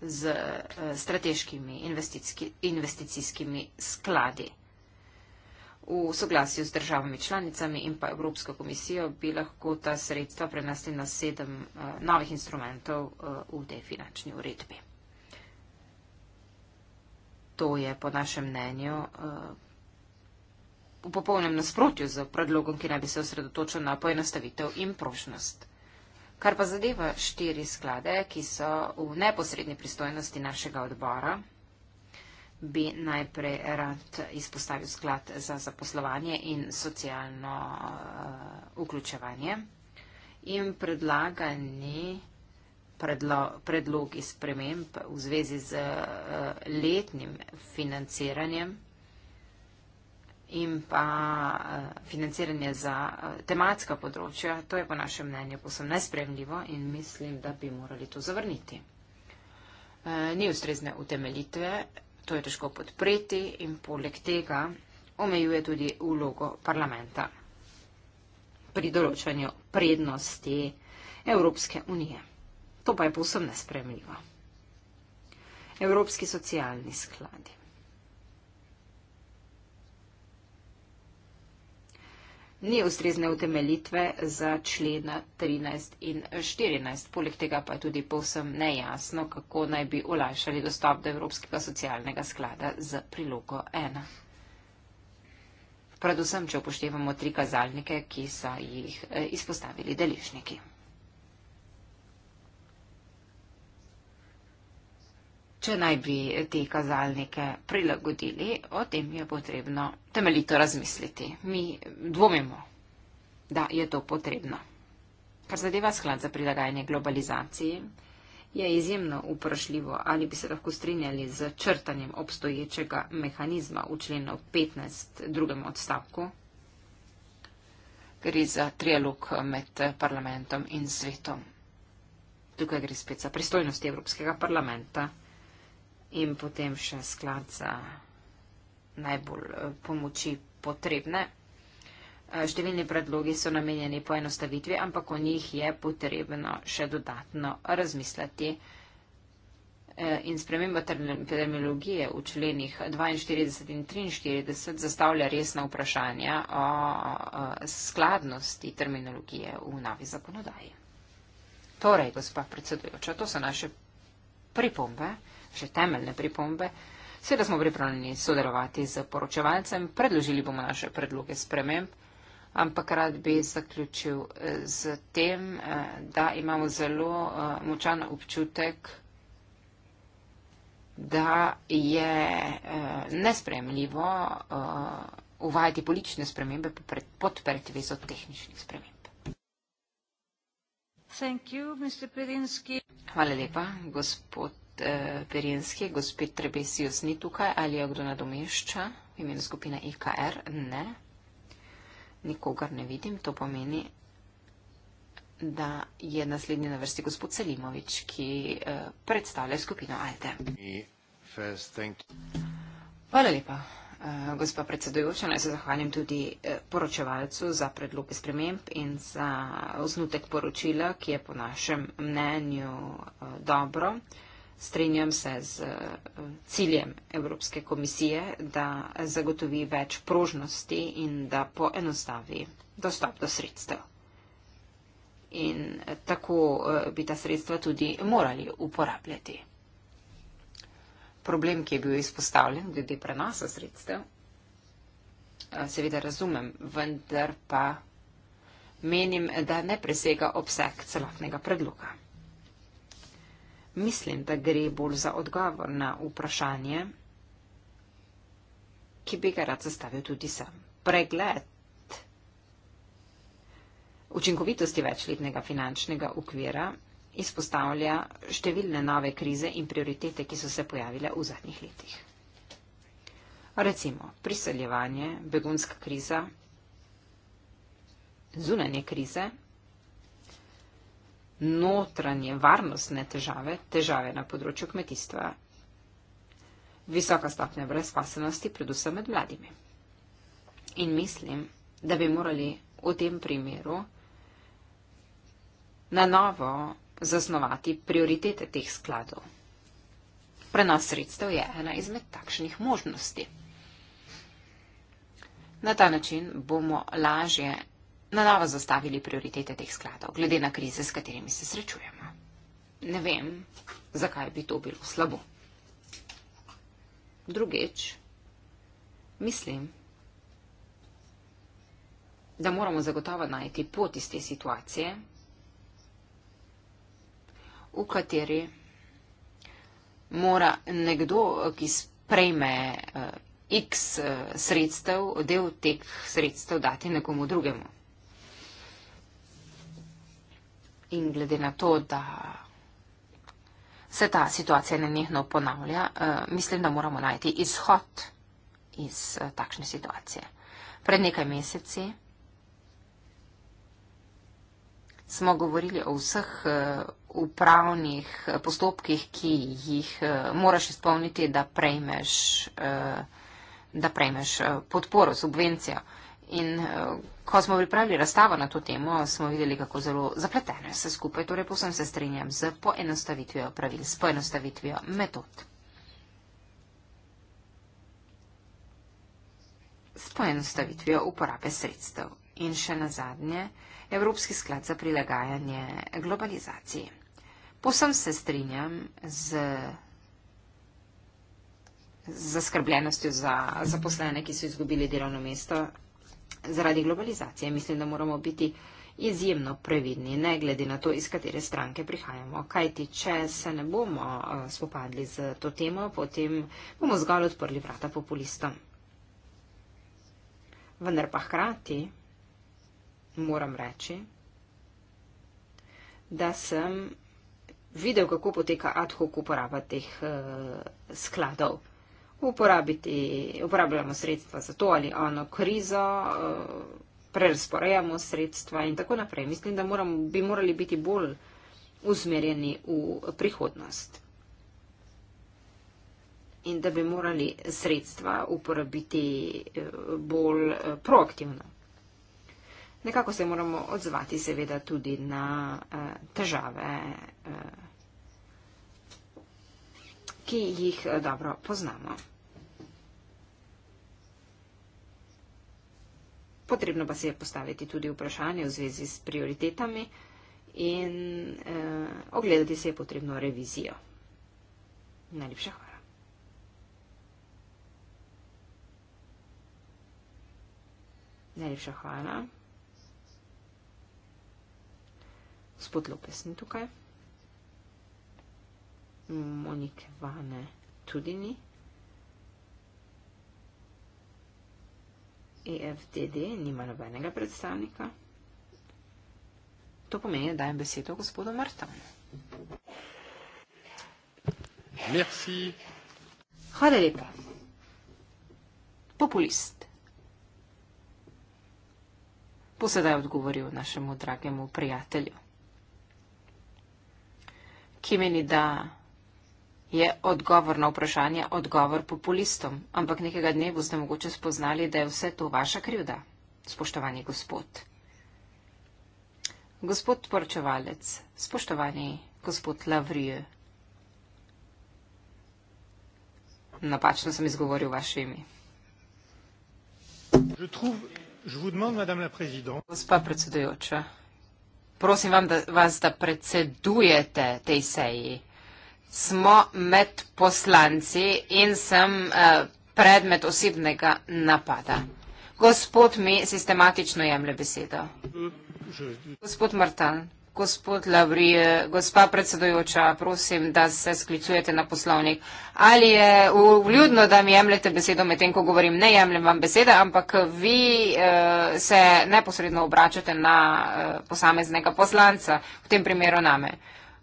z uh, strateškimi investicijski, investicijskimi skladi. V soglasju z državami članicami in pa Evropsko komisijo bi lahko ta sredstva prenesli na sedem uh, novih instrumentov uh, v tej finančni uredbi. To je po našem mnenju eh, v popolnem nasprotju z predlogom, ki naj bi se osredotočil na poenostavitev in prošnost. Kar pa zadeva štiri sklade, ki so v neposrednji pristojnosti našega odbora, bi najprej rad izpostavil sklad za zaposlovanje in socialno uh, vključevanje in predlagani uh, predlo, predlogi sprememb v zvezi z eh, letnim financiranjem in pa eh, financiranje za eh, tematska področja. To je po našem mnenju posebno nespremljivo in mislim, da bi morali to zavrniti. Ni ustrezne utemelitve, to je težko podpreti in poleg tega omejuje tudi ulogo parlamenta pri določanju prednosti Evropske unije. To pa je povsem nespremljivo. Evropski socialni skladi. Ni ustrezne utemelitve za člena 13 in 14. Poleg tega pa je tudi povsem nejasno, kako naj bi olajšali dostop do Evropskega socialnega sklada z prilogo 1. Predvsem, če upoštevamo tri kazalnike, ki so jih eh, izpostavili deležniki. Če naj bi te kazalnike prilagodili, o tem je potrebno temeljito razmisliti. Mi dvomimo, da je to potrebno. Kar zadeva sklad za prilagajanje globalizaciji, je izjemno vprašljivo, ali bi se lahko strinjali z črtanjem obstoječega mehanizma v členu 15. drugem odstavku. Gre za trialog med parlamentom in svetom. Tukaj gre spet za pristojnosti Evropskega parlamenta in potem še sklad za najbolj eh, pomoči potrebne. Eh, številni predlogi so namenjeni poenostavitvi, ampak o njih je potrebno še dodatno razmisliti. Eh, in sprememba terminologije v členih 42 in 43 zastavlja resna vprašanja o skladnosti terminologije v novi zakonodaji. Torej, gospod predsedujoča, to so naše pripombe še temeljne pripombe, seveda smo pripravljeni sodelovati z poročevalcem, predložili bomo naše predloge sprememb, ampak rad bi zaključil z eh, tem, eh, da imamo zelo eh, močan občutek, da je nespremljivo uvajati politične spremembe pod pretvezo tehničnih sprememb. Thank you, Mr. Hvala lepa, gospod Perinske, eh, gospod Trebesijus ni tukaj, ali je kdo nadomešča v imenu skupine IKR? E ne. Nikogar ne vidim, to pomeni, da je naslednji na vrsti gospod Selimovič, ki eh, predstavlja skupino Alte. Hvala lepa. Eh, gospa predsedujoča, naj se zahvalim tudi poročevalcu za predloge sprememb in za osnutek poročila, ki je po našem mnenju dobro strinjam se z eh, ciljem Evropske komisije, da zagotovi več prožnosti in da poenostavi dostop do sredstev. In tako eh, bi ta sredstva tudi morali uporabljati. Problem, ki je bil izpostavljen glede prenosa sredstev, eh, seveda razumem, vendar pa menim, da ne presega obseg celotnega predloga mislim, da gre bolj za odgovor na vprašanje, ki bi ga rad zastavil tudi sam. Pregled učinkovitosti večletnega finančnega ukvira izpostavlja številne nove krize in prioritete, ki so se pojavile v zadnjih letih. Recimo, priseljevanje, begunska kriza, zunanje krize notranje varnostne težave, težave na področju kmetijstva. Visoka stopnja brezpasenosti, predvsem med mladimi. In mislim, da bi morali v tem primeru na novo zasnovati prioritete teh skladov. Prenos sredstev je ena izmed takšnih možnosti. Na ta način bomo lažje na novo zastavili prioritete teh skladov, glede na krize, s katerimi se srečujemo. Ne vem, zakaj bi to bilo slabo. Drugič, mislim, da moramo zagotovo najti pot iz te situacije, v kateri mora nekdo, ki sprejme eh, x eh, sredstev, del teh sredstev dati nekomu drugemu. In glede na to, da se ta situacija nenehno ponavlja, eh, mislim, da moramo najti izhod iz eh, takšne situacije. Pred nekaj meseci smo govorili o vseh eh, upravnih postopkih, ki jih moraš izpolniti, da prejmeš, da prejmeš podporo, subvencijo. In eh, ko smo pripravili razstavo na to temo, smo videli, kako zelo zapleteno je vse skupaj. Torej, posem se strinjam z poenostavitvijo pravil, s poenostavitvijo metod. S poenostavitvijo uporabe sredstev. In še na zadnje, Evropski sklad za prilagajanje globalizaciji. Posem se strinjam z zaskrbljenostjo za zaposlene, ki so izgubili delovno mesto zaradi globalizacije mislim, da moramo biti izjemno previdni, ne glede na to, iz katere stranke prihajamo. Kajti, če se ne bomo eh, spopadli z to temo, potem bomo zgolj odprli vrata populistom. Vendar pa hkrati moram reči, da sem videl, kako poteka ad hoc uporaba teh uh, skladov uporabiti, uporabljamo sredstva za to ali ono krizo, eh, prerasporejamo sredstva in tako naprej. Mislim, da moram, bi morali biti bolj usmerjeni v prihodnost in da bi morali sredstva uporabiti eh, bolj eh, proaktivno. Nekako se moramo odzvati seveda tudi na težave ki jih eh, dobro poznamo. Potrebno pa se je postaviti tudi vprašanje v zvezi s prioritetami in eh, ogledati se je potrebno revizijo. Najlepša hvala. Najlepša hvala. Gospod Lopes ni tukaj. Monike Vane tudi ni. EFDD nima nobenega predstavnika. To pomeni, da dajem besedo gospodu Martonu. Merci. Hvala lepa. Populist. Po sedaj je odgovoril našemu dragemu prijatelju, ki meni, da je odgovor na vprašanje odgovor populistom, ampak nekega dne boste mogoče spoznali, da je vse to vaša krivda, spoštovani gospod. Gospod poročevalec, spoštovani gospod Lavrije. Napačno sem izgovoril vaše ime. Gospa predsedujoča, prosim vam, da, vas, da predsedujete tej seji smo med poslanci in sem uh, predmet osebnega napada. Gospod mi sistematično jemlje besedo. Gospod Martan, gospod Lavrije, gospa predsedojoča, prosim, da se sklicujete na poslovnik. Ali je vljudno, da mi jemljete besedo medtem, ko govorim? Ne jemljem vam besede, ampak vi uh, se neposredno obračate na uh, posameznega poslanca, v tem primeru name.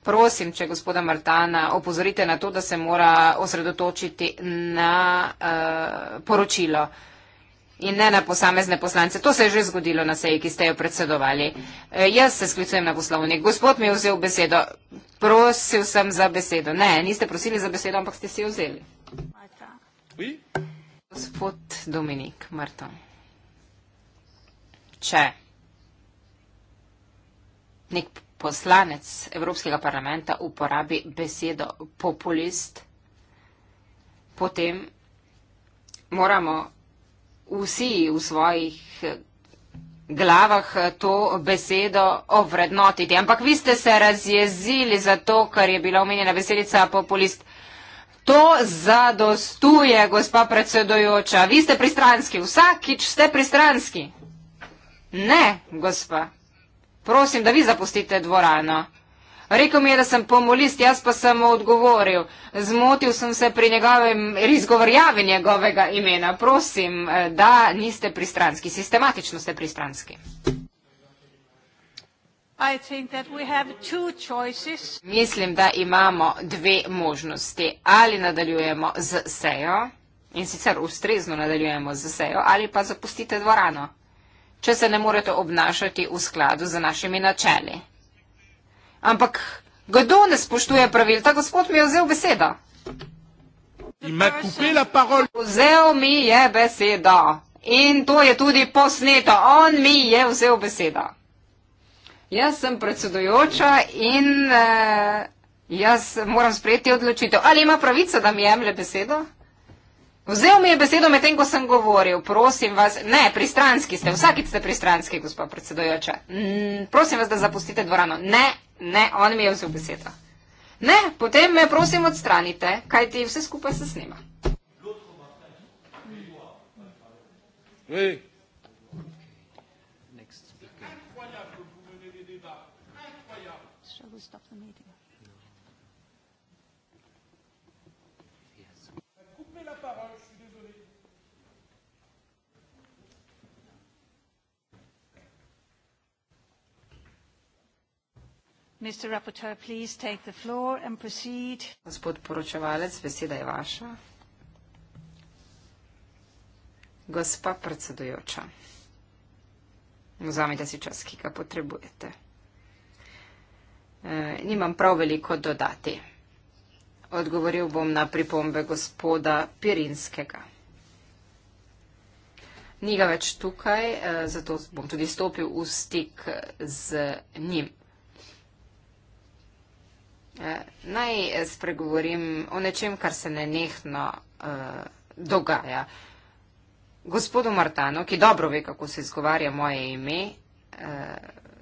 Prosim, če gospoda Martana opozorite na to, da se mora osredotočiti na uh, poročilo in ne na posamezne poslance. To se je že zgodilo na seji, ki ste jo predsedovali. E, jaz se sklicujem na poslovnik. Gospod mi je vzel besedo. Prosil sem za besedo. Ne, niste prosili za besedo, ampak ste si jo vzeli. Gospod Dominik Marton. Če. Nek poslanec Evropskega parlamenta uporabi besedo populist, potem moramo vsi v svojih eh, glavah eh, to besedo ovrednotiti. Ampak vi ste se razjezili za to, kar je bila omenjena veselica populist. To zadostuje, gospa predsedojoča. Vi ste pristranski. Vsakič ste pristranski. Ne, gospa prosim, da vi zapustite dvorano. Rekl mi je, da sem pomolist, jaz pa sem mu odgovoril. Zmotil sem se pri njegovem izgovorjavi njegovega imena. Prosim, eh, da niste pristranski, sistematično ste pristranski. Mislim, da imamo dve možnosti. Ali nadaljujemo z sejo in sicer ustrezno nadaljujemo z sejo ali pa zapustite dvorano če se ne morete obnašati v skladu z našimi načeli. Ampak kdo ne spoštuje pravil? Ta gospod mi je vzel besedo. Vzel mi je besedo. In to je tudi posneto. On mi je vzel besedo. Jaz sem predsedujoča in eh, jaz moram sprejeti odločitev. Ali ima pravico, da mi jemlje besedo? Vzel mi je besedo medtem, ko sem govoril. Prosim vas, ne, pristranski ste, vsakič ste pristranski, gospod predsedojoča. Mm, prosim vas, da zapustite dvorano. Ne, ne, on mi je vzel besedo. Ne, potem me prosim odstranite, kaj ti vse skupaj se snima. Hey. Gospod poročevalec, beseda je vaša. Gospa predsedujoča, vzamite si čas, ki ga potrebujete. E, nimam prav veliko dodati. Odgovoril bom na pripombe gospoda Pirinskega. Ni ga več tukaj, e, zato bom tudi stopil v stik z njim. Eh, naj eh, spregovorim o nečem, kar se nenehno uh, dogaja. Gospodu Martano, ki dobro ve, kako se izgovarja moje ime, uh,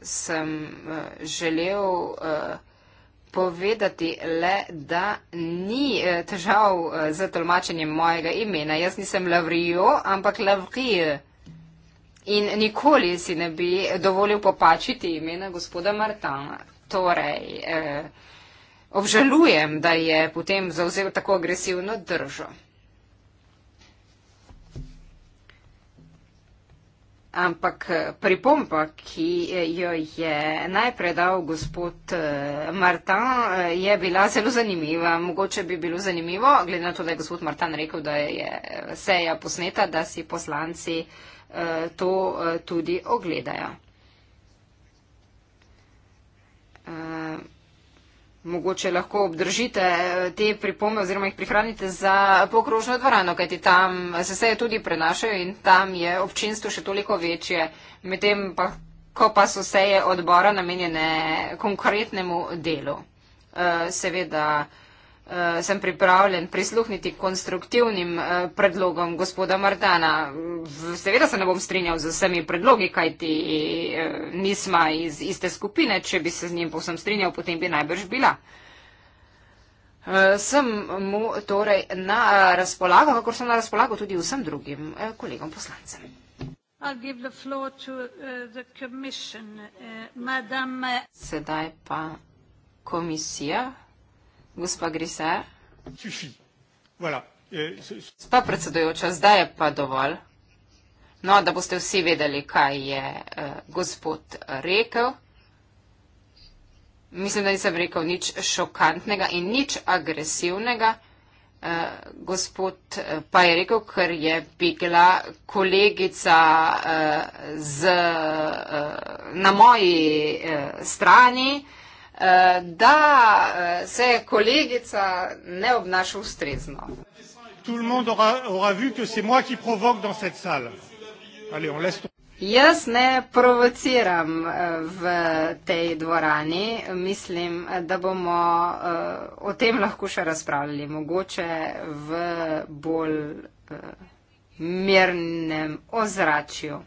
sem uh, želel uh, povedati le, da ni uh, težav uh, za tolmačenjem mojega imena. Jaz nisem Lavrio, ampak Lavrije. In nikoli si ne bi dovolil popačiti imena gospoda Martana. Torej, uh, Obžalujem, da je potem zauzel tako agresivno držo. Ampak eh, pripompa, ki eh, jo je najprej dal gospod eh, Martin, je bila zelo zanimiva. Mogoče bi bilo zanimivo, glede na to, da je gospod Martin rekel, da je seja posneta, da si poslanci to tudi ogledajo. Mogoče lahko obdržite eh, te pripombe oziroma jih prihranite za pokrožno dvorano, kajti tam se seje tudi prenašajo in tam je občinstvo še toliko večje. Medtem pa, ko pa so seje odbora namenjene konkretnemu delu. Eh, seveda uh, sem pripravljen prisluhniti konstruktivnim uh, predlogom gospoda Martana. Seveda se ne bom strinjal z vsemi predlogi, kaj ti uh, eh, nisma iz iste skupine. Če bi se z njim povsem strinjal, potem bi najbrž bila. Uh, sem mu torej na uh, razpolago, kakor sem na razpolago tudi vsem drugim uh, kolegom poslancem. To, uh, uh, Madame... Sedaj pa komisija. Gospa Grise. Suši. Voilà. Eh, Gospa predsedujoča, zdaj je pa dovolj. No, da boste vsi vedeli, kaj je uh, gospod rekel. Mislim, da nisem rekel nič šokantnega in nič agresivnega. Uh, gospod pa je rekel, ker je bigla kolegica uh, z, uh, na moji uh, strani. Uh, da eh, se kolegica ne obnaša ustrezno. Jaz ne provociram eh, v tej dvorani. Mislim, da bomo eh, o tem lahko še razpravljali, mogoče v bolj mirnem ozračju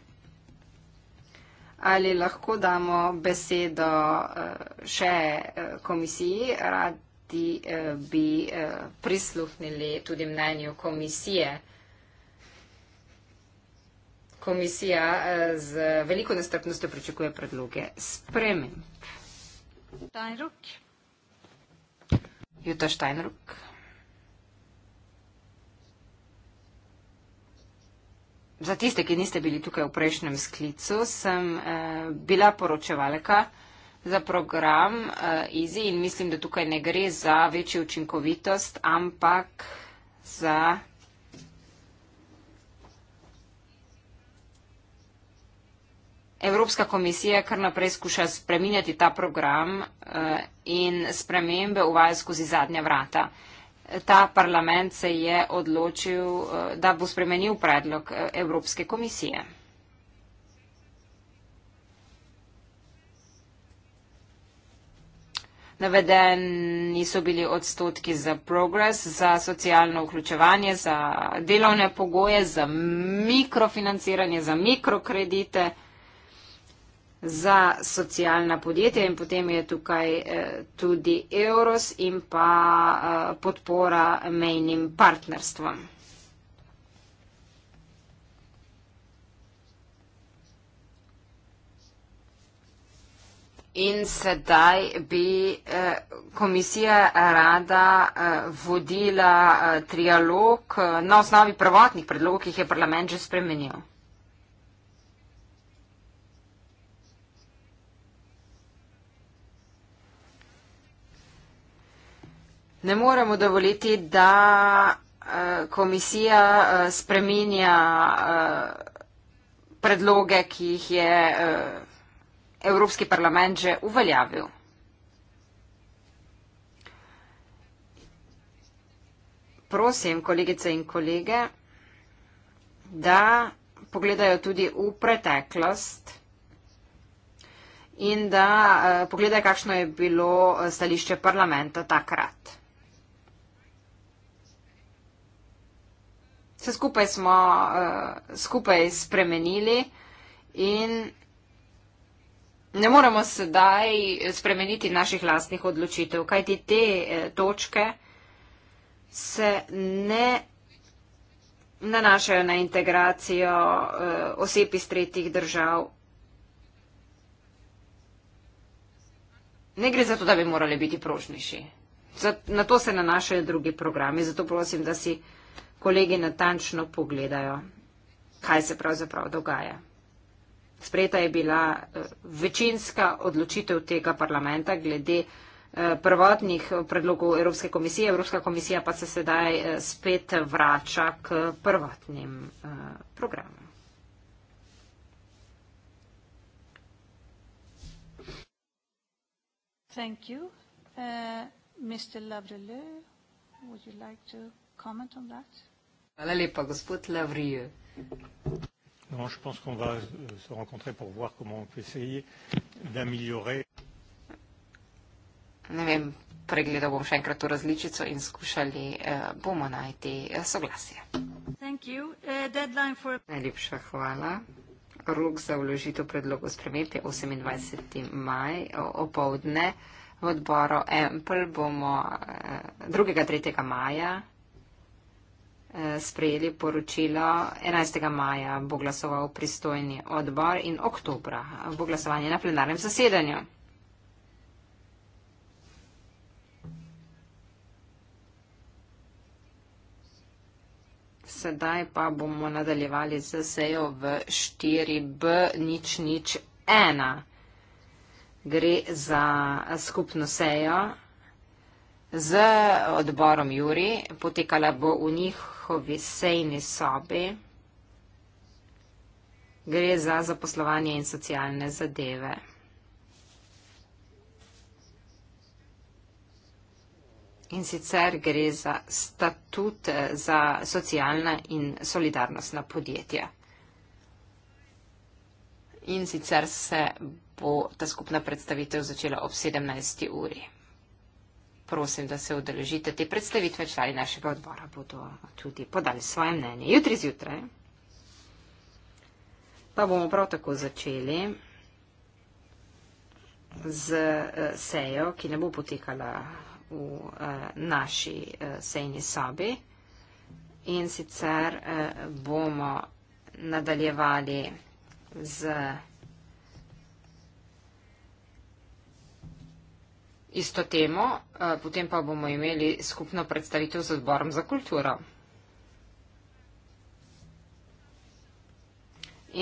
ali lahko damo besedo eh, še eh, komisiji. Radi eh, bi prisluhnili tudi mnenju komisije. Komisija z veliko nestrpnostjo pričakuje predloge sprememb. Jutta Steinruck. za tiste, ki niste bili tukaj v prejšnjem sklicu, sem eh, bila poročevalka za program eh, Easy in mislim, da tukaj ne gre za večjo učinkovitost, ampak za. Evropska komisija kar naprej skuša spreminjati ta program eh, in spremembe uvaja skozi zadnja vrata. Eh, ta parlament se je odločil, eh, da bo spremenil predlog eh, Evropske komisije. Navedeni so bili odstotki za progres, za socialno vključevanje, za delovne pogoje, za mikrofinanciranje, za mikrokredite za socialna podjetja in potem je tukaj eh, tudi Euros in pa eh, podpora mejnim partnerstvom. In sedaj bi eh, komisija rada vodila trialog na osnovi prvotnih predlogov, ki jih je parlament že spremenil. ne moremo dovoliti, da eh, komisija eh, spreminja eh, predloge, ki jih je Evropski parlament že uveljavil. Prosim, kolegice in kolege, da pogledajo tudi v preteklost in da pogledajo, kakšno je bilo stališče parlamenta takrat. Vse skupaj smo uh, skupaj spremenili in ne moramo sedaj spremeniti naših lastnih odločitev, kajti te uh, točke se ne nanašajo na integracijo uh, oseb iz tretjih držav. Ne gre za to, da bi morali biti prožnejši. Na to se nanašajo drugi programi, zato prosim, da si kolegi natančno pogledajo, kaj se pravzaprav dogaja. Sprejeta je bila eh, večinska odločitev tega parlamenta glede eh, prvotnih predlogov Evropske komisije. Evropska komisija pa se sedaj eh, spet vrača k prvotnim programom. Thank you. Uh, Mr. Lavrelieu, would you like to comment on that? Hvala lepa, gospod Lavrije. Non, je pense qu'on va euh, se rencontrer pour voir comment on peut essayer d'améliorer. Ne vem, pregledal bom še enkrat to različico in skušali eh, bomo najti eh, soglasje. Eh, Najlepša hvala. Rok za vložitev predlogov sprememb je 28. maj opoldne. V odboru Apple bomo 2.3. Eh, maja sprejeli poročilo 11. maja, bo glasoval pristojni odbor in oktobra bo glasovanje na plenarnem zasedanju. Sedaj pa bomo nadaljevali z sejo v 4B001. Gre za skupno sejo z odborom Juri. Potekala bo v njih njihovi sejni sobi. Gre za zaposlovanje in socialne zadeve. In sicer gre za statut za socialna in solidarnostna podjetja. In sicer se bo ta skupna predstavitev začela ob 17. uri prosim, da se odeležite te predstavitve. Člani našega odbora bodo tudi podali svoje mnenje. Jutri zjutraj pa bomo prav tako začeli z eh, sejo, ki ne bo potekala v eh, naši eh, sejni sobi. In sicer bomo nadaljevali z. isto temo, eh, potem pa bomo imeli skupno predstavitev z odborom za kulturo.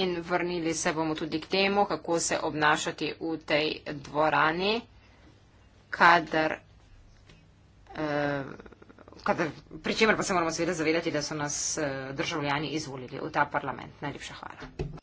In vrnili se bomo tudi k temu, kako se obnašati v tej dvorani, kadar, eh, kadar, pri čemer pa se moramo seveda zavedati, da so nas eh, državljani izvolili v ta parlament. Najlepša hvala.